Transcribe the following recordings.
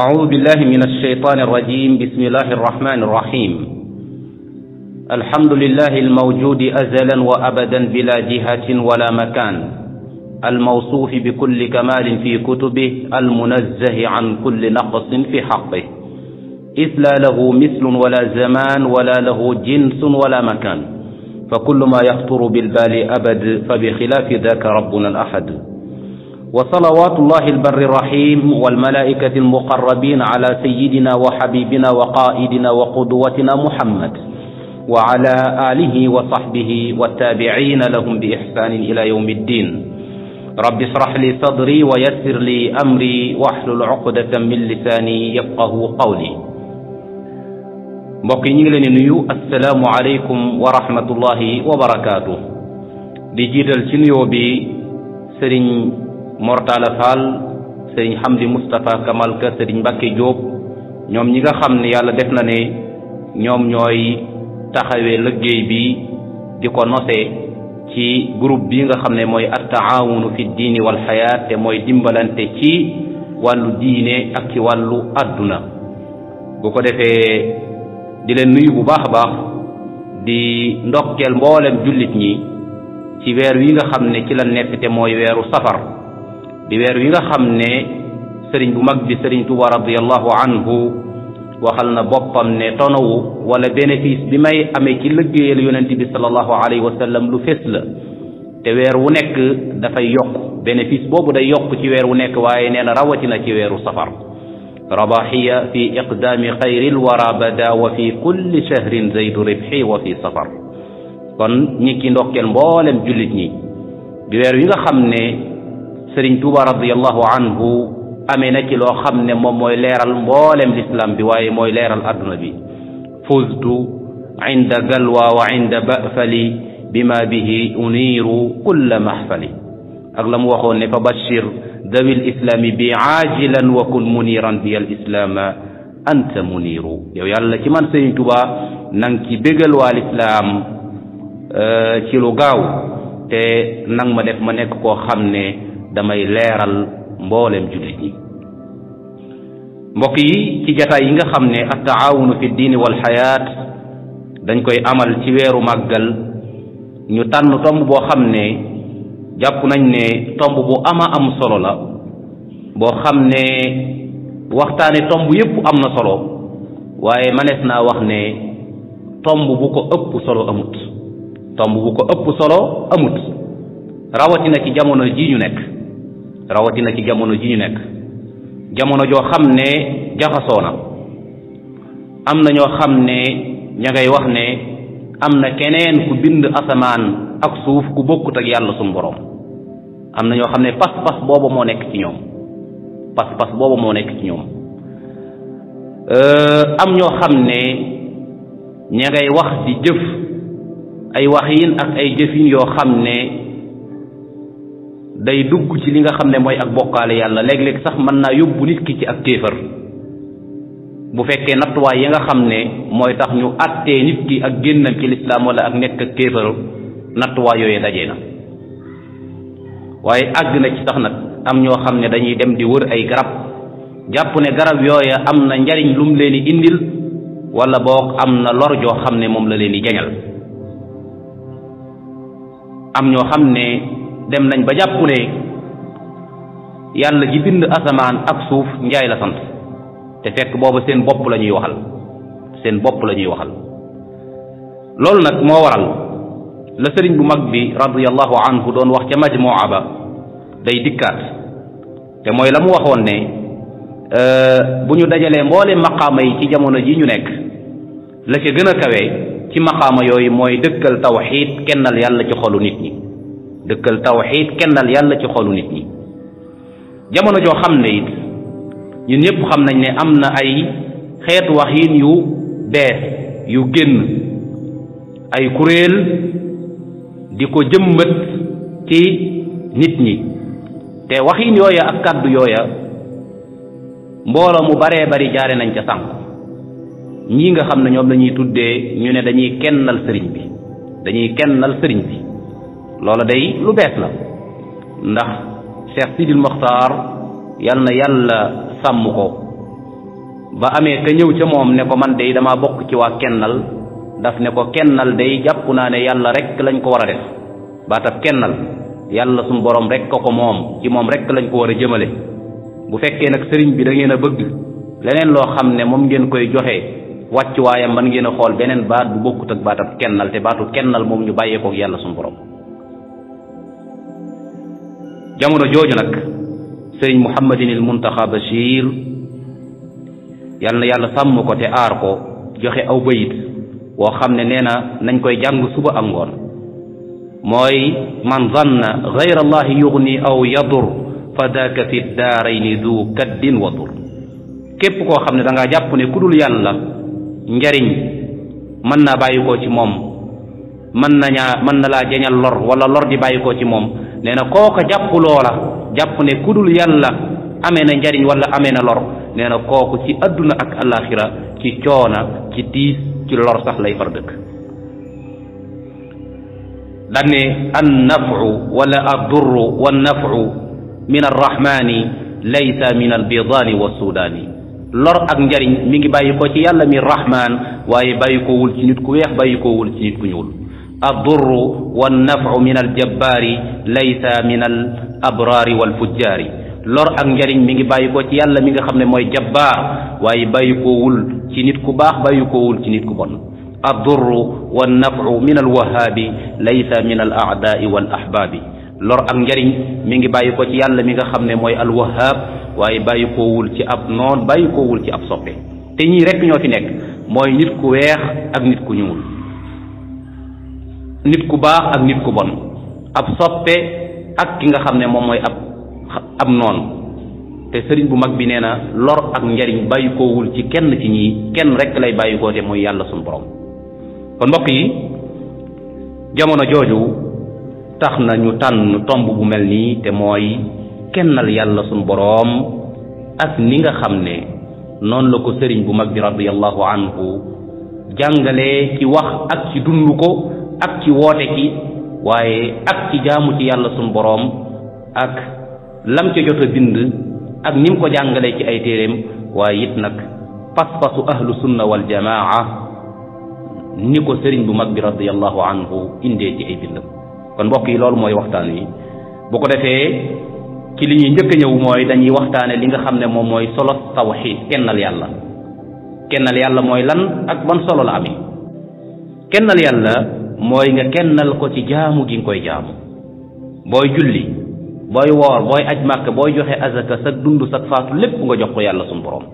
أعوذ بالله من الشيطان الرجيم بسم الله الرحمن الرحيم الحمد لله الموجود أزلا وأبدا بلا جهة ولا مكان الموصوف بكل كمال في كتبه المنزه عن كل نقص في حقه إذ لا له مثل ولا زمان ولا له جنس ولا مكان فكل ما يخطر بالبال أبد فبخلاف ذاك ربنا الأحد وصلوات الله البر الرحيم والملائكة المقربين على سيدنا وحبيبنا وقائدنا وقدوتنا محمد وعلى آله وصحبه والتابعين لهم بإحسان إلى يوم الدين رب اشرح لي صدري ويسر لي أمري واحلل عقدة من لساني يفقه قولي mbokk السلام عليكم ورحمة الله وبركاته nuyu asalaamu aleykum سرين mortala fall serigne Hamdi Moustapha Kamal ka serigne Mbacke job ñom ñi nga xamni yàlla def na ne ñom ñoy taxawé liggéey bi diko ko nose ci groupe bi nga xamné moy at-ta'awun fi din wal hayat te moy dimbalante ci walu diine ak ci walu aduna bu ko défé di len nuyu bu baax baax di ndokkel mboolem julit ñi ci wër wi nga xamné ci la nekk te moy wëru safar di weer wi nga xam ne sëriñ bu mag bi sëriñ tuba radiallahu anhu waxal na boppam ne tonawu wala bénéfice bi may amee ci lëggéeyal yonente bi salallahu alayhi wa sallam lu fés la te weer wu nekk dafay yokk bénéfice boobu day yokk ci weer wu nekk waaye nee na rawatina ci weeru safar رباحية في إقدام خير الورى بدا وفي كل شهر زيد ربحي وفي سفر كون نيكي ki مبولم جوليت ني ñi di weer wi Serigne Touba radiyallahu anhu amee na ci loo xam ne moom mooy leeral mboolem l'islam bi waaye mooy leeral adduna bi fuztu inda galwa wa inda ba'fali bima bihi uniiru kulla mahfali ak la mu waxoon ne fa bashir dawi lislami bi aajilan wa kun muniran bi al islaama anta muniiru yow yàlla ci man Serigne Touba nang ci bégal waa lislaam ci lu gaaw te nang ma def ma nekk koo xam ne damay leeral mboolem jullit ñi mbokk yi ci jataay yi nga xam ne attaawunu fi diini wal xayaat dañ koy amal ci weeru màggal ñu tànn tomb boo xam ne jàpp nañ ne tomb bu ama am solo la boo xam ne waxtaane tomb yépp am na solo waaye manees naa wax ne tomb bu ko ëpp solo amut tomb bu ko ëpp solo amut rawatina ci jamono jii ñu nekk rawatina ci jamono ji ñu nekk jamono joo xam ne jaxasoo na am na ñoo xam ne ña wax ne am na keneen ku bind asamaan ak suuf ku bokkut ak yàlla suñu am na ñoo xam ne pas-pas booba moo nekk ci ñoom pas-pas boobu moo nekk ci ñoom euh, am ñoo xam ne ña wax di jëf ay waxin ak ay jëfin yoo xam ne day dugg ci li nga xam ne mooy ak bokkaale yàlla léeg-léeg sax mën naa yóbbu nit ki ci ak kéefër bu fekkee nattuwaay yi nga xam ne mooy tax ñu àttee nit ki ak génnam ci lislaam wala ak nekk ak kéefër nattuwaay yooyu daje na waaye àgg na ci sax nag am ñoo xam ne dañuy dem di wër ay garab jàpp ne garab yooya am na njariñ lum leen di indil wala boog am na lor joo xam ne moom la leen di jañal am ñoo xam ne dem nañ ba jàpp ne yàlla ji bind asamaan ak suuf njaay la sant te fekk booba seen bopp la ñuy waxal seen bopp la ñuy waxal loolu nag moo waral la sëriñ bu mag bi radiyallahu anhu doon wax ca majmuwa ba day dikkaat te mooy la mu waxoon ne bu ñu dajalee mboole maqaama yi ci jamono ji ñu nekk la ca gën a kawe ci maqaama yooyu mooy dëkkal tawxiid kennal yàlla ci xolu nit ñi dëkkal tawxid kennal yàlla ci xolu nit ñi jamono joo xam ne it ñun ñëpp xam nañ ne am na ay xeetu waxin yu bees yu génn ay kuréel di ko jëmbat ci nit ñi te waxin yooya ak kàddu yooya mbooloo mu baree bari jaare nañ ca sànq ñii nga xam ne ñoom la ñuy tuddee ñu ne dañuy kennal sëriñ bi dañuy kennal sëriñ bi loola day lu bees la ndax Cheikh Sidil Mokhtar yal na yàlla sàmm ko ba amee ka ñëw ca moom ne ko man day dama bokk ci waa kennal daf ne ko kennal day jàpp naa ne yàlla rek lañ ko war a def baatab kennal yàlla suñu borom rek ko ko moom ci moom rek lañ ko war a jëmale bu fekkee nag sëriñ bi da ngeen a bëgg leneen loo xam ne moom ngeen koy joxe. wàcc waayam man ngeen a xool beneen baat bu bokkut ak baatab kennal te baatu kennal moom ñu bàyyeekoo ak yàlla suñu borom jamono nak serigne sëriñ al muntakha bashir yal yàlla sam ko te ar ko joxe aw bayit wo xamne neena nagn koy jàng suba am ngor moy man zanna ghayra allah yughni aw yadur fadaka daaka fi daarayni du kaddin wa dur kep ko xamne da nga jàpp ne kudul yàlla njariñ man na bayiko ci mom man na nya man na la jañal lor wala lor di bayiko ci mom nena koko japp japp ne kudul yalla amena njariñ wala amena lor nena kooku ci aduna ak alakhirah ci coona ci diis ci lor sax lay far deuk dëkk an naf'u wala adru wan naf'u min arrahman laysa min albidan wasudan lor ak njariñ mi ngi bayiko ci yàlla mi rahman waye bayiko wul ci nit ku wex bayiko wul ci nit ku ñuul الضر والنفع من الجبار ليس من الابرار والفجار لور اك نجارين ميغي بايكو تي يالا ميغا خامني موي جبار واي بايكو وول تي نيت كو باخ بايكو وول تي نيت كو بون الضر والنفع من الوهاب ليس من الاعداء والاحباب لور اك نجارين ميغي بايكو تي يالا ميغا خامني موي الوهاب واي بايكو وول تي اب نون بايكو وول تي اب سوبي تي ني ريك ньоفي نيك موي نيت كو ويهخ اك نيت كو نيول nit ku baax ak nit ku bon ab soppe ak ki nga xam ne moom mooy ab ab noon te sëriñ bu mag bi nee na lor ak njariñ bàyyikoowul ci kenn ci ñii kenn rekk lay bàyyikoo te mooy yàlla suñu borom kon mbokk yi jamono jooju tax na ñu tànn tomb bu mel nii te mooy kennal yàlla suñu boroom ak ni nga xam ne noon la ko sëriñ bu mag bi radiyallahu anhu ci wax ak ci dund ko ak ci woote gi waaye ak ci jaamu ci yàlla sunu boroom ak lam ca jot a bind ak ni ko jàngalee ci ay téeréem waaye it nag pas-pasu ahlu sunna wal jamaa ni ko sëriñ bu mag bi radiyallahu anhu indee ci ay bindam kon mbokk yi loolu mooy waxtaan wi boo ko defee ci li ñuy njëkk ñëw mooy dañuy waxtaane li nga xam ne moom mooy solo tawxiid kennal yàlla kennal yàlla mooy lan ak ban solo la amee kennal yàlla moy nga kennal ko ci jaamu gi ngoy jaamu boy julli boy wor boy aj màkk booy joxe azaka sa dundu sa faatu lépp nga jox ko yàlla sun borom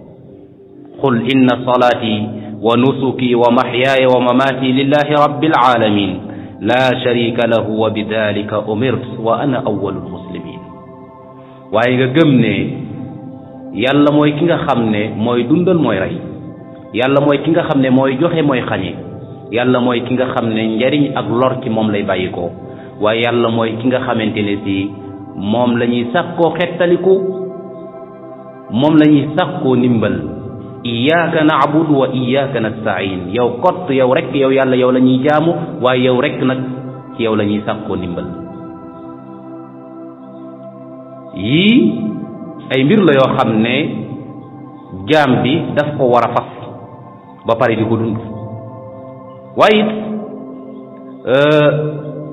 qul inna salati wa nusuki wa mahyaya wa mamati lillahi rabbil alamin لا شريك له وبذلك امرت وانا اول المسلمين واي nga gëm ne yàlla moy ki nga xamne moy dundal moy ray yàlla moy ki nga xamne moy joxe moy xani yàlla mooy ki nga xam ne njariñ ak lor ci moom lay bàyyikoo waaye yàlla mooy ki nga xamante ne si moom lañuy ñuy sàkkoo xettaliku moom lañuy ñuy sàkkoo ndimbal iyaaka naabudu wa iyaaka nastain yow kott yow rek yow yàlla yow la ñuy jaamu waaye yow rekk nag ci yow lañuy ñuy sàkkoo ndimbal yii ay mbir la yoo xam ne jaam bi daf ko war a fas ba pare di ko dund waaye it euh,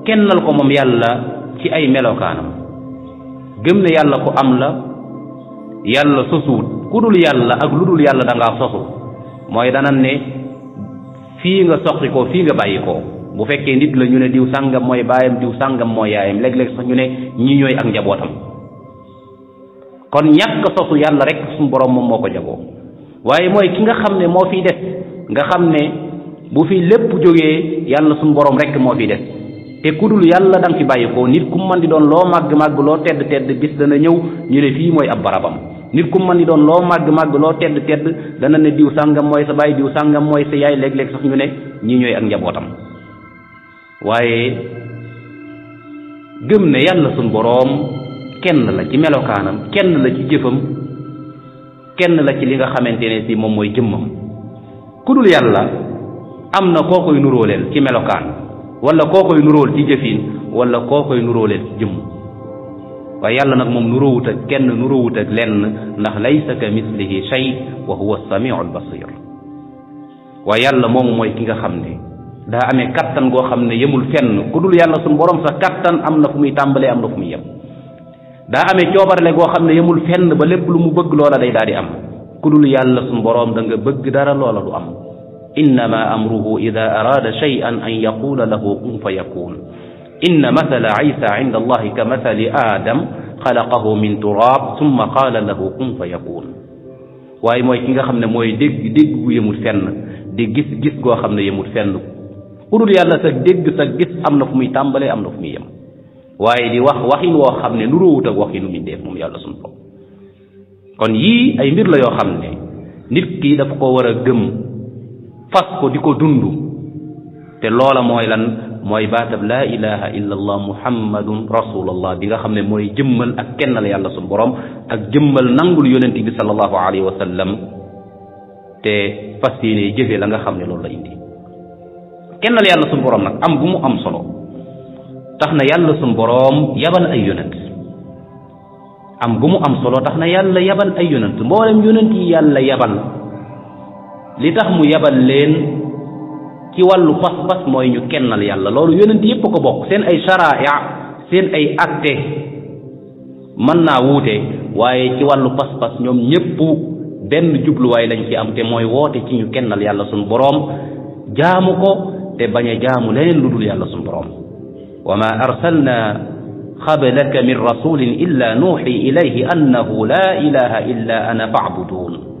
kennal ko moom yàlla ci ay melokaanam gëm ne yàlla ku am la yàlla sosuwut ku dul yàlla ak lu dul yàlla da ngaa sosu mooy danan ne fii nga soqi fii nga bàyyi bu fekkee nit la ñu ne diw sàngam mooy baayam diw sàngam mooy yaayam léeg-léeg sax ñu ne ñi ñooy ak njabootam kon ñàkk sosu yàlla rek suñu borom moom moo ko jagoo waaye mooy ki nga xam ne moo fiy des nga xam ne bu fi lépp jógee yàlla suñu boroom rek moo fi des te ku dul yàlla da nga fi bàyyi ko nit ku mën di doon loo màgg màgg loo tedd tedd bis dana ñëw ñu ne fii mooy ab barabam nit ku mën di doon loo màgg màgg loo tedd dana ne diw sàngam mooy sa bàyyi diw sàngam mooy sa yaay léeg-léeg sax ñu ne ñi ñooy ak njabootam waaye gëm ne yàlla suñu boroom kenn la ci melokaanam kenn la ci jëfam kenn la ci li nga xamante ne si moom mooy jëmmam ku dul yàlla am na koo koy nurooleel ci melokaan wala koo koy nuróol ci jëfin wala koo koy nuróoleel ci jëmm waaye yàlla nag moom nuróowut ak kenn nuróowut ak lenn ndax laysa ka mislihi shay wa huwa samiu albasir waaye yàlla moomu mooy ki nga xam ne daa ame kattan goo xam ne yemul fenn ku dul yàlla suñu borom sax kattan am na fu muy tàmbalee am na fu muy yem daa ame coobarale goo xam ne yemul fenn ba lépp lu mu bëgg loola day daal di am ku dul yàlla suñu da nga bëgg dara loola du am إنما أمره إذا أراد شيئا أن يقول له كن فيكون إن مثل عيسى عند الله كمثل آدم خلقه من تراب ثم قال له كن فيكون واي موي كيغا خامن موي ديغ ديغ بو يمول فن دي غيس غيس غو خامن يمول فن ودول يالا سا ديغ سا غيس امنا فمي تامبالي امنا فمي يم واي دي واخ واخين وو خامن نورو ووت اك واخين مي ديف موم يالا سون كون يي اي مير لا يو خامن نيت كي داف كو ورا گم fas ko diko dundu te lola moy lan moy batab la ilaha illa allah muhammadun rasulallah bi nga xamne moy jëmmal ak kennal yàlla sun borom ak jëmmal nangul yonenti bi sallallahu alayhi wa sallam te fasine yéene jëfe la nga xamne lolou la indi kennal yàlla sun borom nak am bu mu am solo taxna yàlla sun borom yabal ay yonent am bu mu am solo taxna yàlla yabal ay yonent mbolam yonent yi yàlla yabal li tax mu yabal leen ci wallu fas fas mooy ñu kennal yàlla loolu yonent yépp ko bokk seen ay sharaaya seen ay acte mën naa wuute waaye ci wàllu pas-pas ñoom ñépp benn jubluwaay lañ ci am te mooy woote ci ñu kennal yàlla suñu boroom jaamu ko te bañ a jaamu leneen lu dul yàlla suñu boroom wa ma arsalna qablaka min rasulin illa nuuxi ilayhi annahu la ilaha illa ana faabudun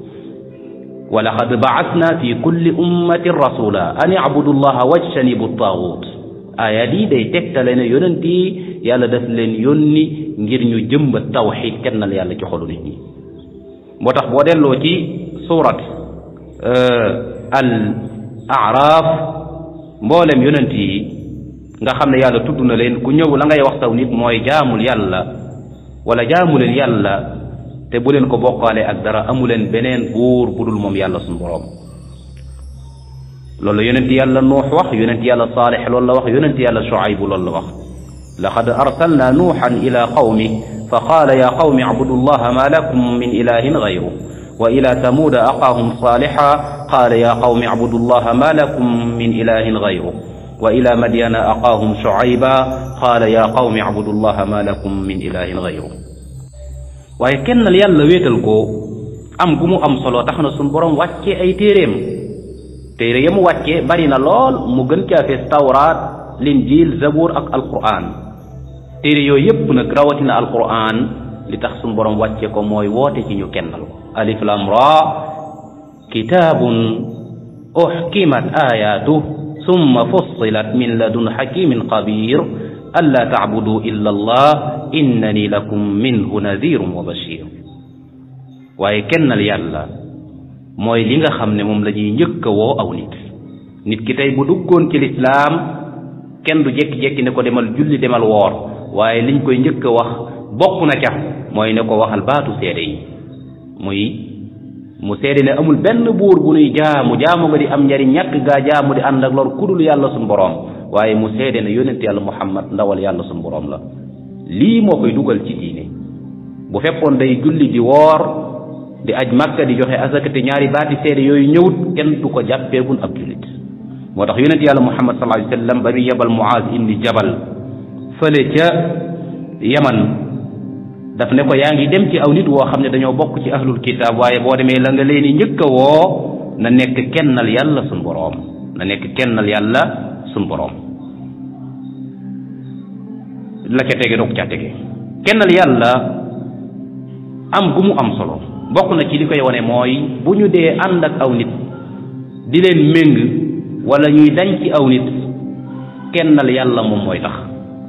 ولقد بعثنا في كل أمة رسولا أن يعبدوا الله واجتنبوا الطاغوت آية دي دي تكتا لنا يونن دي يالا دس لن يوني نجير نيو جمب التوحيد كنا ليالا كي خلو نيني موتاق بودين لوتي سورة آه الأعراف مولم يونن دي nga xamne yalla tuddu na len ku ñew la ngay wax taw nit moy jaamul te bu leen ko bokkaale ak dara amuleen beneen góor bu dul moom yàlla suñu boroom loolu yonent yàlla nuux wax yonent yàlla saalix loolu la wax yonent yàlla shuaybu loolu la wax laqad arsalna nuuxan ila qawmi fa qaala ya qawmi acbudu llaha ma lakum min ilahin gayru wa ila tamuuda aqaahum saalixa qaala ya qawmi acbudu llaha ma lakum min ilahin gayru وإلى مدين أقاهم شعيبا قال يا قوم اعبدوا الله ما لكم من إله غيره waaye la yàlla wéetal ko am gu mu am solo tax na suñ borom wàcce ay téeréem téere ya mu wàcce bari na lool mu gën caa fees tawraat linjil zabuur ak alquran téere yooyu yépp nag rawatina alquran li tax suñ borom wàcce ko mooy woote ci ñu kennal ko alif lam ra kitabun uhkimat ayatu ثم فصلت من لدن حكيم قبير ألا تعبدوا إلا الله innani lakum minhu nadirun wa bashir waaye kennal yàlla mooy li nga xam ne moom la ñuy njëkk a woo aw nit nit ki tey bu duggoon ci lislaam kenn du jekki-jekki ne ko demal julli demal woor waaye liñ koy njëkk a wax bokk na ca mooy ne ko waxal baatu seede yi muy mu seede ne amul benn buur bu nuy jaamu jaamu nga di am njariñ ñàkk gaa jaamu di ànd ak lor kudul yàlla suñ boroom waaye mu seede ne yónent yàlla muhammad ndawal yàlla suñ boroom la lii moo koy dugal ci diine bu fekkoon day julli di woor di aj makka di joxe asakati ñaari baati seede yooyu ñëwut kenn du ko jàppeegun ab jullit moo tax yonent yàlla muhammad sallallahu alayhi wa sallam ba muy yebal muaz ibni jabal fële ca yaman daf ne ko yaa ngi dem ci aw nit woo xam ne dañoo bokk ci ahlul kitab waaye boo demee la nga leen njëkk a woo na nekk kennal yàlla sun boroom na nekk kennal yàlla sun boroom la ca tege doog caa tege kennal yàlla am gu mu am solo bokk na ci li koy wane mooy bu ñu dee ànd ak aw nit di leen méng walla ñuy dañ ci aw nit kennal yàlla moom mooy tax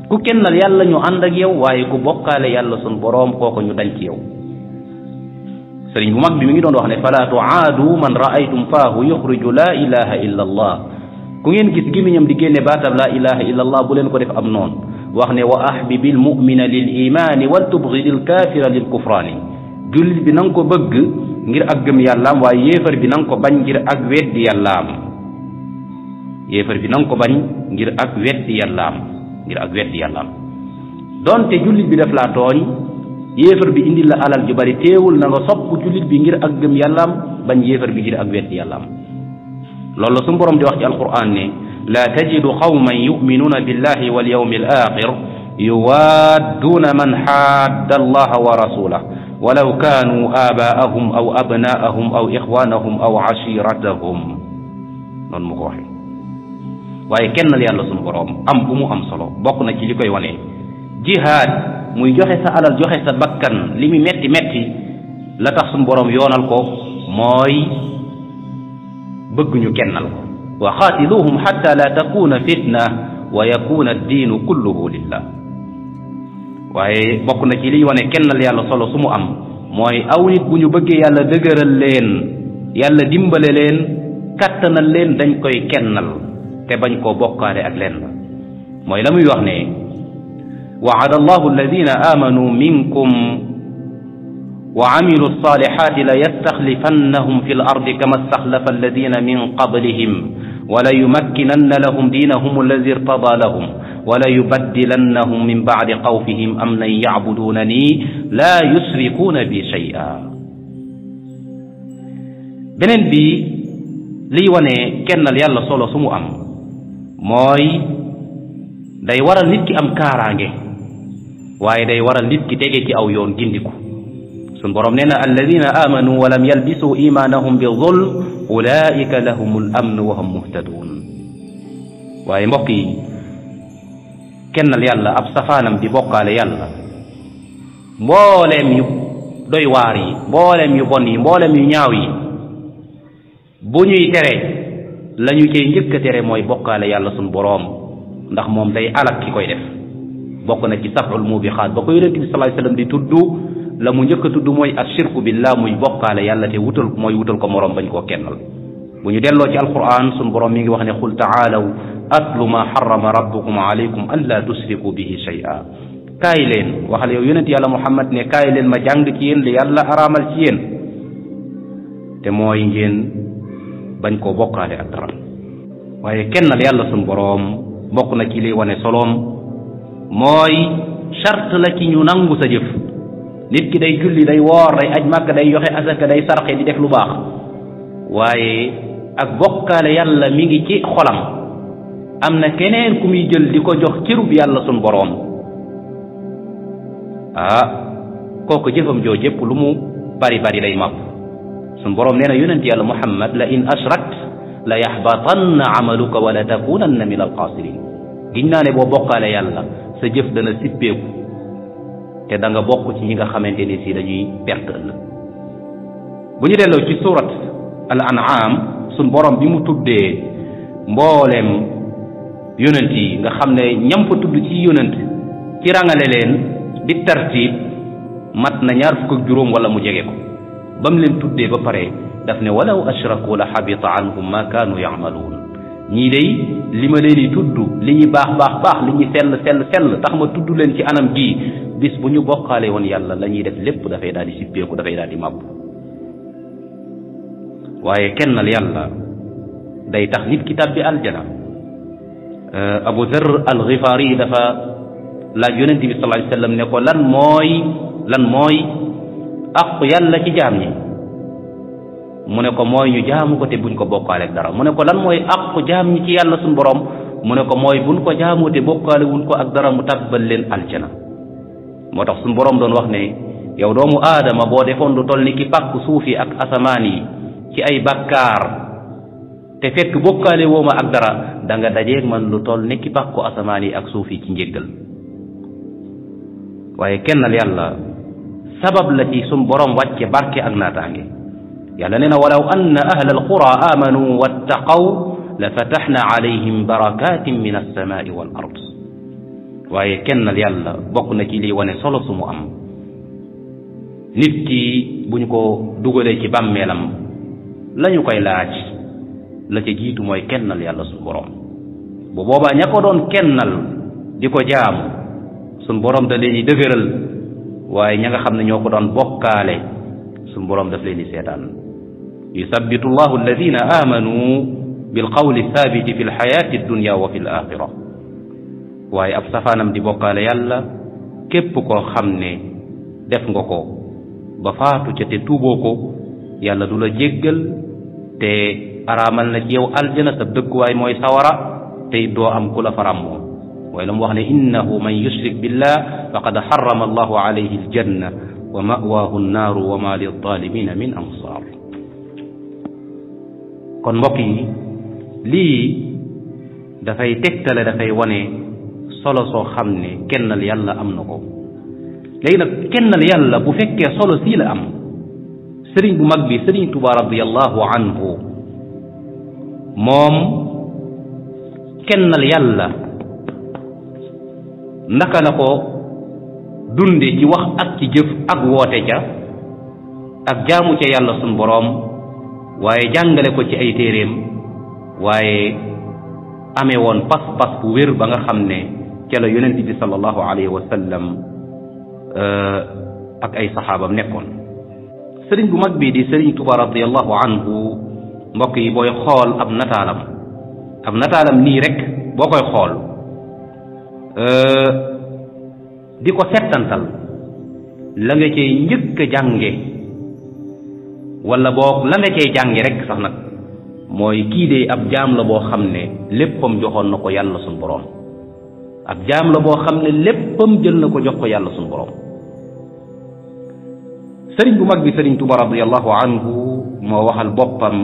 ku kennal yàlla ñu ànd ak yow waaye ku bokkaale yàlla sun boroom kooko ñu dañ ci yow sëriñ bu mag bi mi ngi doon wax ne fala tuaadu man raaytum faahu yuxriju laa ilaha illa allah ku ngeen gis gémmiñam di génne baatab laa ilaha illa allah bu leen ko def am noonu wax ne wa ahbibil mu'mina lil imaani wal tubghidil kaafira lil kufraani jullit bi na nga ko bëgg ngir ak gëm yàllaam waaye yéefar bi na nga ko bañ ngir ak weddi yàllaam yéefar bi na nga ko bañ ngir ak weddi yàllaam ngir ak weddi yàllaam donte jullit bi daf laa tooñ yéefar bi indil la alal ju bari teewul na nga sopp jullit bi ngir ak gëm yàllaam bañ yéefar bi ngir ak weddi yàllaam loolu la suñu borom di wax ci alquran ne لا تجد قوما يؤمنون بالله واليوم الآخر يوادون من حاد الله ورسوله ولو كانوا آباءهم أو أبناءهم أو إخوانهم أو عشيرتهم noon mu ko waxe waaye kennal yàlla sunu boroom am bu mu am solo bokk na ci li koy wane jihaad muy joxe sa alal joxe sa bakkan li mu metti metti la tax sunu boroom yoonal ko mooy bëgg ñu kennal ko وقاتلوهم حتى لا تكون فتنة ويكون الدين كله لله waye bokk na ci liy wane kennal yàlla solo sumu am moy aw nit bu ñu yàlla dëgeural leen yàlla dimbale leen kattanal leen dañ koy kennal te bañ ko bokkaré ak leen moy lamuy wax ne waada allahu alladina amanu minkum وعملوا الصالحات ليستخلفنهم في الأرض كما استخلف الذين من قبلهم وليمكنن لهم دينهم الذي ارتضى لهم وليبدلنهم من بعد قوفهم أمنا يعبدونني لا يشركون بي شيئا beneen بي لي wane kennal yàlla solo su mu am mooy day waral nit ki am kaaraange waaye day waral nit ki tege ci aw yoon gindiku برمننا الذين آمنوا ولم يلبسوا إيمانهم بالظلم أولئك لهم الأمن وهم مهتدون waaye mbokk yi kennal yàlla ab safaanam di bokkaale yàlla mbooleem yu doy waar yi mbooleem yu bon yi mbooleem yu ñaaw yi bu ñuy tere la ñu cay njëkk a tere mooy bokkaale yàlla suñ boroom ndax moom day alak ki koy def bokk na ci saful mubixaat ba ko yonente bi sallallahu alayhi wasallam di tudd la mu njëkk a tudd mooy ashirku billah muy bokkaale yàlla te wutal mooy wutal ko morom bañ ko kennal bu ñu delloo ci alquran sun borom mi ngi wax ne qul taalaw atlu ma xarama rabbukum alaykum an la tusriku bihi shay'a kaay leen waxal yow yonent yàlla muhammad ne kaay leen ma jàng ci yéen li yàlla araamal ci yéen te mooy ngeen bañ koo bokkaale ak dara waaye kennal yàlla sun boroom bokk na ci li wane soloom mooy charte la ci ñu nangu sa jëf nit ki day julli day woor day aj màkk day yoxe asaka day sarxe di def lu baax waaye ak bokkaale yàlla mi ngi ci xolam am na keneen ku muy jël di ko jox cërub yàlla sun boroom ah kooku jëfam joo jëpp lu mu bari bari lay mab sun boroom nee na yonent yàlla muhammad la in asrakt la yaxbatanna amaluka wala takunanna min alxaasirin giñ naa ne boo bokkaale yàlla sa jëf dana sippeeku te da nga bokk ci ñi nga xamante ni si dañuy perte ëllëg bu ñu delloo ci surat al anam sun borom bi mu tuddee mbooleem yonent yi nga xam ne ñam fa tudd ci yonent ci rangale leen di tartib mat na ñaar fukk ak juróom wala mu jege ko ba mu leen tuddee ba pare daf ne walaw ashraku la xabita anhum ma kaanu yamaluun ñii day li ma leen di tudd li ñuy baax baax baax li ñuy sell sell sell tax ma tudd leen ci anam gii bis bu ñu bokkaale woon yàlla la def lépp dafay daal di sippeeku dafay daal di màbb waaye kennal yàlla day tax nit ki tàbbi aljana euh, abu dar al xifaari yi dafa laaj yonent bi sallallahu alayhi ne ko lan mooy lan mooy aqu yàlla ci jaam ñi mu ne ko mooy ñu jaamu ko te buñ ko bokkaaleeg dara mu ne ko lan mooy àqu jaam ñi ci yàlla suñu borom mu ne ko mooy buñ ko jaamoo te bokkaale ko ak dara mu tàbbal leen aljana moo tax suñu borom doon wax ne yow doomu aadama boo defoon lu toll ni ki pàkk suuf ak asamaan yi ci ay bakkaar te fekk bokkaale woo ma ak dara danga nga man lu toll ni ki pàkku asamaan yi ak suuf yi ci njéggal waaye kennal yàlla sabab la ci suñu borom wàcce barke ak naataange يعني لنا ولو أن أهل القرى آمنوا واتقوا لفتحنا عليهم بركات من السماء والأرض ويكن ليلا بقنا كلي ونسلس مؤم نبتي بنكو دوغلي كي بام ميلم لا يقاي لاج لا جيتو موي كنال يالا سون بوبا نياكو دون ديكو جام سون بوروم دا ليني دغيرال واي نياغا خامني نيوكو دون يثبت الله الذين آمنوا بالقول الثابت في الحياة الدنيا وفي الآخرة واي أبصفا نمدي بقال يلا كبكو خمني دفنكو بفاتو تتتوبوكو يلا دولا جيجل تي أرامل نجيو الجنة تبدكو واي موي سورا تي دو أم كل فرامو ويلم وحن إنه من يشرك بالله فقد حرم الله عليه الجنة ومأواه النار وما للظالمين من أنصار kon mbokk yi lii dafay tegtale dafay wane solo soo xam ne kennal yàlla am na ko léegi nag kennal yàlla bu fekkee solo sii la am sëriñ bu mag bi sëriñ Tuba radiyallahu anhu moom kennal yàlla naka la ko dunde ci wax ak ci jëf ak woote ca ak jaamu ca yàlla sun boroom waaye jàngale ko ci ay téeréem waaye amee woon pas-pas bu wér ba nga xam ne ca la yonent bi sallallahu alayhi wa sallam ak ay saxaabam nekkoon sëriñ bu mag bi di sëriñ tuba radiallahu anhu mbokk yi booy xool ab nataalam ab nataalam nii rek boo koy xool di ko settantal la nga cee njëkk jànge wala boog la nga cay jàngi rek sax nag mooy kii de ab jaam la boo xam ne léppam joxoon na ko yàlla sun borom ab jaam la boo xam ne léppam jël na ko jox ko yàlla sun borom sëriñ bu mag bi sëriñ Tuba radiallahu anhu moo waxal boppam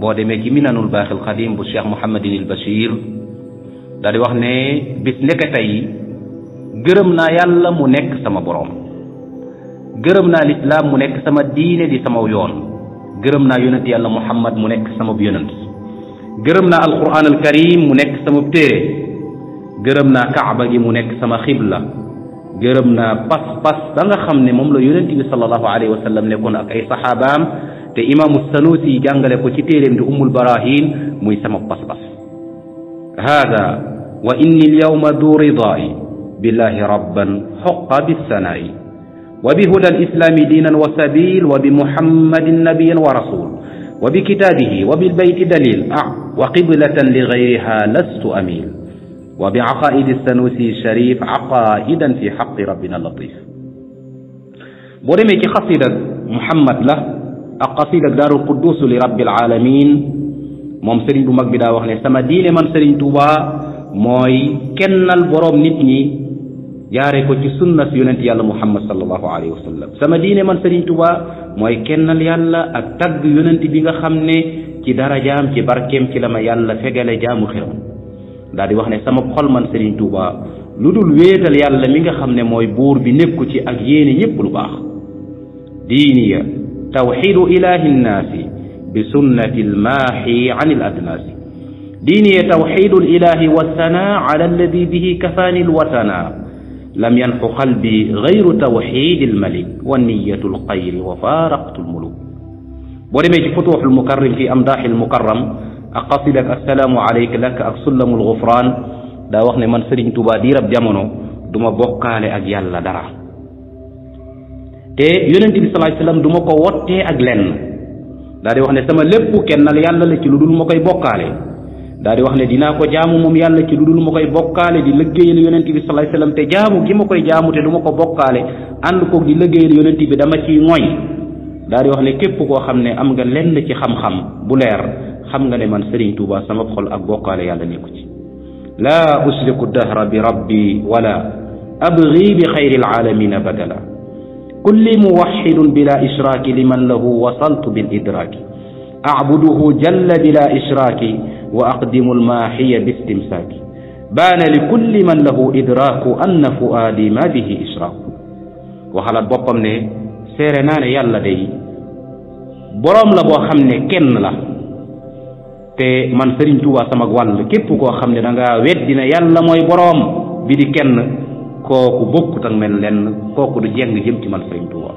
boo demee ci minanul baaxil xadim bu cheikh Mouhamadin il bashir daal di wax ne bis nekk tey gërëm naa yàlla mu nekk sama borom gërëm naa lislaam mu nekk sama diine di sama yoon gërëm naa yonent yàlla muhammad mu nekk sama yonent gërëm naa alquran alkarim mu nekk sama téere gërëm naa kaaba gi mu nekk sama xibla gërëm naa pas-pas ba nga xam ne moom la yonent bi salallahu alayhi wa sallam nekkoon ak ay saxaabaam te imaamu sanusi jàngale ko ci téeréem di umul barahin muy sama pas-pas hada wa inni alyawma du ridaai billahi rabban xoqa bisanaa'i وبهدى الإسلام دينا وسبيل وبمحمد نبيا ورسول وبكتابه وبالبيت دليل أع وقبلة لغيرها لست أميل وبعقائد السنوسي الشريف عقائدا في حق ربنا اللطيف برميك قصيدة محمد له القصيدة دار القدوس لرب العالمين ممسرين Serigne وخلية سما bi daa wax موي كن diine jaaree ko ci sunnas yonent yàlla muhammad sallallahu alayhi wasallam sama diine man serigne touba moy kennal yàlla ak tag yonent bi nga xamne ci dara jam ci barkem ci lama yàlla fegale jamu xew daal di wax ne sama xol man serigne touba ludul wetal yàlla mi nga xamne moy mooy bi nekku ci ak yene ñépp lu bax diiniya tawxidu ilahi nnaasi bi sunnati almaaxi an al adnaasi diiniya tawxidu wasana ala alladi bihi kafani alwatana لم ينح قلبي غير توحيد الملك ونية القير وفارقت الملوك ولمي فتوح المكرم في أمداح المكرم أقصدك السلام عليك لك أك سلم الغفران دا وخني من سرين توبا رب جامونو دما بوكالي لأجي الله دارا تي يننتي bi sallallahu alayhi wasallam duma أجلن wotte ak lenn da di wax ne sama lepp kennal yalla la ci ludul daal di wax ne dinaa ko jaamu moom yàlla ci lu dul ma koy bokkaale di lëggéeyal yonent bi sallallahu alayhi wasallam te jaamu gi ma koy jaamu te du ma ko bokkaale ànd koog di lëggéeyal yonent bi dama ciy mooy daal di wax ne képp koo xam ne am nga lenn ci xam-xam bu leer xam nga ne man Serigne Touba sama xol ak bokkaale yàlla nekku ci laa usliku dahra bi rabbi wala abgi bi xayri alaalamina badala kulli muwaxidun bila israaki liman lahu wasaltu bil idraaki أعبده جل بلا إشراك وأقدم الماحي باستمساك بان لكل من له إدراك أن فؤادي ما به إشراك وخلت بطم نه سيرنان يلا دي بروم لا بو خامني كين لا te man serigne touba sama wal képp koo xam ne da ngaa weddi ne yàlla mooy boroom bi di kenn kooku bokkut ak men lenn kooku du jeng jëm ci man serigne touba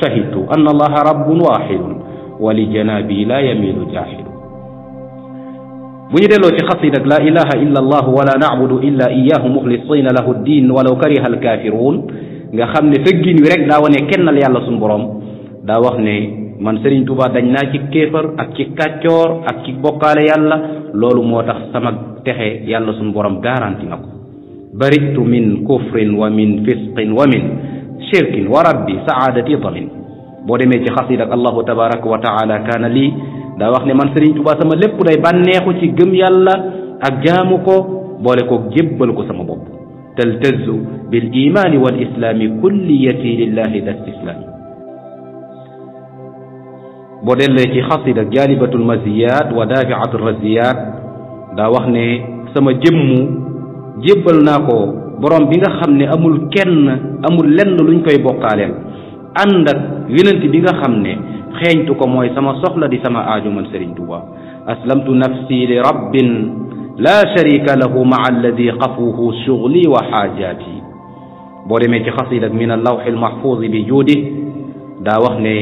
shahidtu anna allaha rabbun wahidun ولجنابي لا يميل جاحد bu ñu تخصي لا إله إلا الله ولا نعبد إلا إياه مخلصين له الدين ولو كره الكافرون nga xam ne feggiin wi rek daa wane kennal yàlla suñ borom daa wax ne man sëriñ tuba dañ naa ci kéefar ak ci kàccoor ak ci bokkaale yàlla loolu moo tax sama texe yàlla suñ borom garanti na ko baritu min kufrin wa min fisqin wa min shirkin wa rabbi saadati damin boo demee ci xasiid ak allahu tabaraka wa taala kaana lii daa wax ne man sëriñ tubaa sama lépp day bànneexu ci gëm yàlla ak jaamu ko boole ko jébbal ko sama bopp تلتز بالإيمان والإسلام كليتي لله ذا استسلام بودلتي خصيدة جالبة المزيات ودافعة الرزيات دا وخني سما جمو جبل ناكو بروم بيغا خامني امول كين امول لن لوني كاي بوكالين andak yonenti bi nga xamne ne ko moy sama soxla di sama aajo man serigne touba aslamtu nafsi li rabbin la sharika lahu maa alladhi qafuhu shughli wa hajati bo demé ci xasidak min al-lawh allawxi mahfuz bi judi da wax ne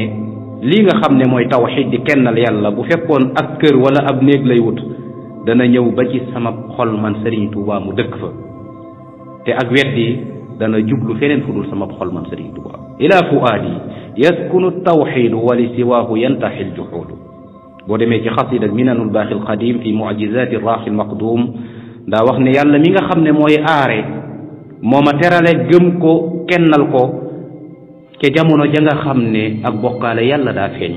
li nga xamné moy tawhid di kennal yàlla bu fekkon ak kër wala ab néeg lay wut dana ñëw ba ci sama xol man serigne touba mu dëkk fa te ak weddi dana jublu fenen fudul sama xol man serigne touba إلى فؤادي يسكن التوحيد ولسواه ينتحي الجحود ودمي خصيد المنن الباخ القديم في معجزات الراخ المقدوم دا وخني يالا ميغا خامني موي اري موما تيرالي گمكو كنالكو كي جامونو جاغا خامني اك بوخال يالا دا فين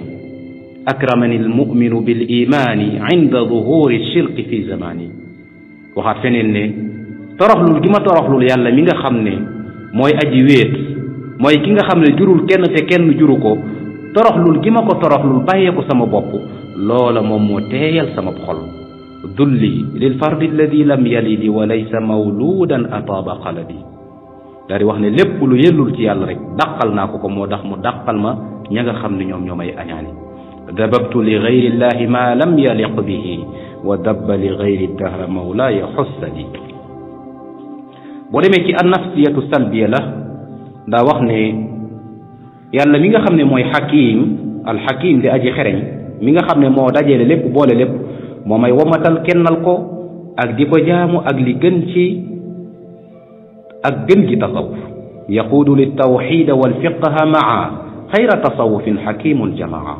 اكرمن المؤمن بالايمان عند ظهور الشرك في زماني وخا فينن ني تروخلول گيما تروخلول يالا ميغا خامني موي ادي ويت moy ki nga xamne jurul kenn te kenn juru toroxlul gi ma ko toroxlul bayeko ko sama bop lola mom mo teyal sama xol dulli fard alladhi lam yalid wa laysa mawludan ataba qalbi dari wax ne lépp lu yelul ci yàlla rek dakal nako ko mo dakh mu dakal ma ña nga xam ne ñoom dababtu li ghayri illahi ma lam yaliq bihi wa dabba li ghayri dahra mawlaya xussadi bo demé ci annafsiyatu salbiya la daa wax ne yàlla mi nga xam ne mooy xakiim alxakiim di aji xereñ mi nga xam ne moo dajale lépp boole lépp moo may womatal kennal ko ak di ko jaamu ak li gën ci ak gën gi tasawuf yaquudu liltawxida walfiqha maa xayra tasawufin xakimu ljamaa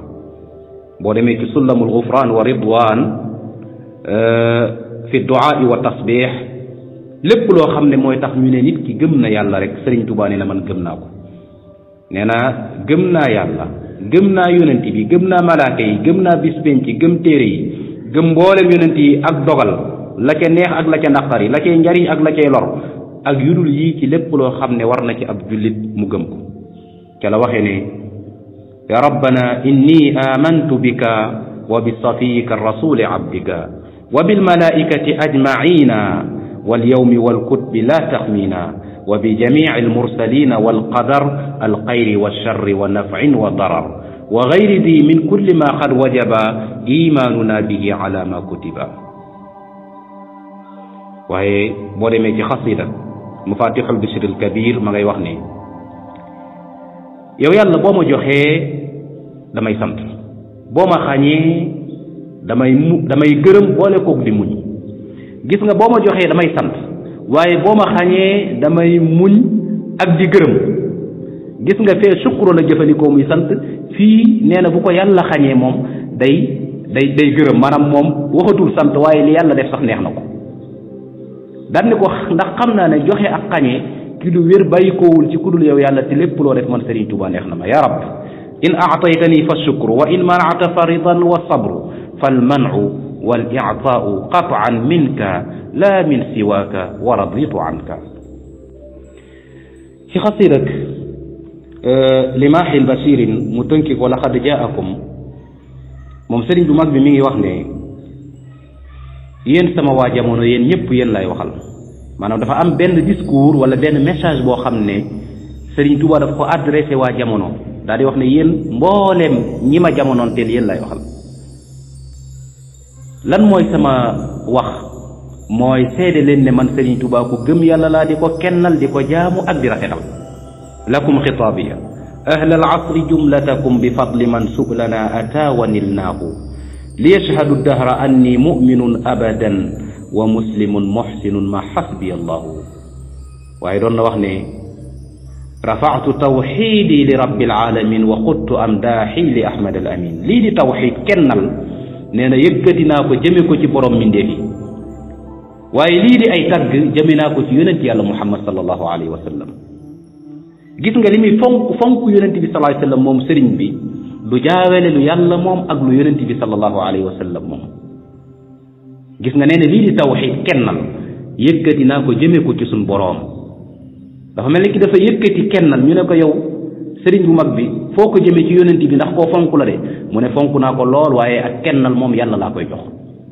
boo demee ci sullamu lgufran wa ridwan fi dduaai wa tasbix lépp loo xam ne mooy tax ñu ne nit ki gëm na yàlla rek sëriñ Tuubaa ne la man gëm naa ko nee naa gëm naa yàlla gëm naa yonent bi gëm naa malaaka yi gëm naa bis penc gëm téere yi gëm mboolem yonent yi ak dogal la ca neex ak la ca naqar la cay njariñ ak la cay lor ak yudul yii ci lépp loo xam ne war na ci ab jullit mu gëm ko ca la waxe ne ya rabbana inni amantu bika wa bi safiika rasuli abdika wa bilmalaikati ajmaina واليوم والكتب لا تخمينا وبجميع المرسلين والقدر القير والشر ونفع وضرر وغير ذي من كل ما قد وجب إيماننا به على ما كتب وهي مريمي خصيدة مفاتيح البشر الكبير ما غي وخني يو يالا بومو جوخي داماي سانت بومو خاني داماي داماي گرم بولي كوك دي gis nga boma joxe damay sant waye boma xagne damay muñ ak di gërëm gis nga fe shukru la jëfandikoo muy sant fi neena bu ko yàlla xagne mom day day day gërëm manam mom waxatul sant waye li yàlla def sax neex nako dal ni ko ndax xamna ne joxe ak xagne ki du wér bàyyikoowul ci kudul yow yàlla te lépp lo def man sëriñ touba neex na ma ya rab in a'taytani fa shukru wa in manata faridan wa sabru falmanu والإعطاء قطعا منك لا من سواك ورضيت عنك في قصيدة limaxil basirin mu tënki ko laqad jaakum moom sëriñ bu mag bi mi ngi wax ne yéen sama waa jamono yéen ñëpp yéen lay waxal maanaam dafa am benn discours wala benn message boo xam ne sëriñ Tuubaa daf ko adressé waa jamono daal di wax ne yéen mbooleem ñi ma jamonoonteel yéen lay waxal lan moy sama wax moy sédé len ne man Serigne Touba ko gëm yàlla la diko kennal diko jaamu ak di rafetal lakum xitaabiya أهل العصر جملتكم بفضل من سؤلنا أتى ونلناه ليشهدوا الدهر أني مؤمن أبدا ومسلم محسن ما حسبي الله وأيضا وحني رفعت توحيدي لرب العالمين وقدت أمداحي لأحمد الأمين لي توحيد كنل nee na yëkkati naa ko jëme ko ci borom mbindeef yi waaye lii di ay tagg jëme naa ko ci yonent yàlla muhammad sallallahu alayhi wa sallam gis nga li muy fonk fonk yonent bi sallallahu alayhi wa sallam moom sëriñ bi lu jaawale lu yàlla moom ak lu yonent bi sallallahu alayhi wa sallam moom gis nga neena na lii di tawxiid kennal yëkkati naa ko jëme ko ci suñ boroom dafa mel ni ki dafa yëkkati kennal ñu ne ko yow serigne bu mag bi foko jeme ci yonenti bi ndax ko fonku la de mune fonku nako lol waye ak kennal mom yàlla la koy jox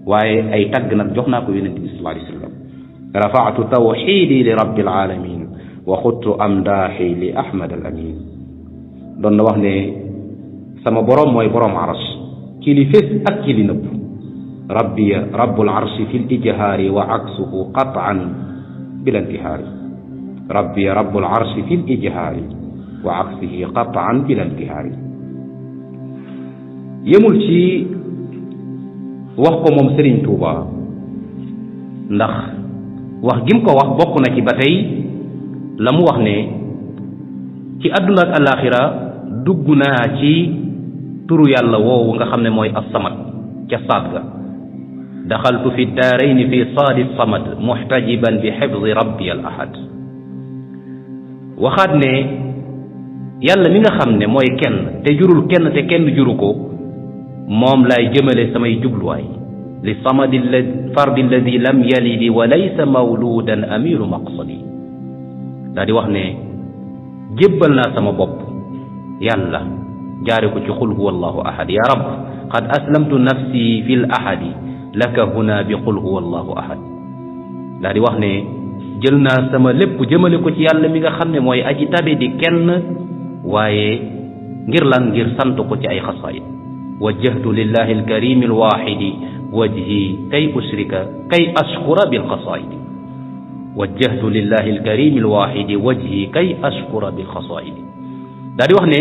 waye ay tag nak jox nako yonenti bi sallallahu alayhi wa sallam رفعت توحيدي لرب العالمين وخدت أمداحي لأحمد الأمين دون وحنا borom بروم موي بروم عرش ak فيس أك كيلي نب ربي رب العرش في الإجهار وعكسه قطعا بلا انتهار ربي rabbul arsh fil ijhari وعكسه قطعا الى انتهاري يملشي وخو موم سيرن توبا نخ واخ جيم كو واخ بوكو ناتي باتاي لامو واخ ني تي ادنا الاخره دغنا تي تورو يالا وو nga xamne moy as-samad ci دخلت في الدارين في صاد الصمد محتجبا بحفظ ربي الاحد وخادني yàlla mi nga xamne moy kenn te jurul kenn te kenn juruko mom lay jëmele samay samay way li samadi fardi alladi lam yalid wa laysa mawludan amir maqsadi daa di wax ne jébbal na sama bop yàlla jaare ko ci qul huwa allahu ahad ya rab qad aslamtu nafsi fil ahad ahadi laka huna bi qul huwa allahu ahad daa di wax ne jël naa sama lépp jëmale ko ci yàlla mi nga xamne moy aji tabe di kenn waye ngir lan ngir sant ko ci ay xasaayid wajjahtu lillahi alkarim alwahid wajhi kay ushrika kay ashkura bilxasaayid wajjahtu lillahi alkarim alwahid wajhi kay ashkura bilxasaayid daa di wax ne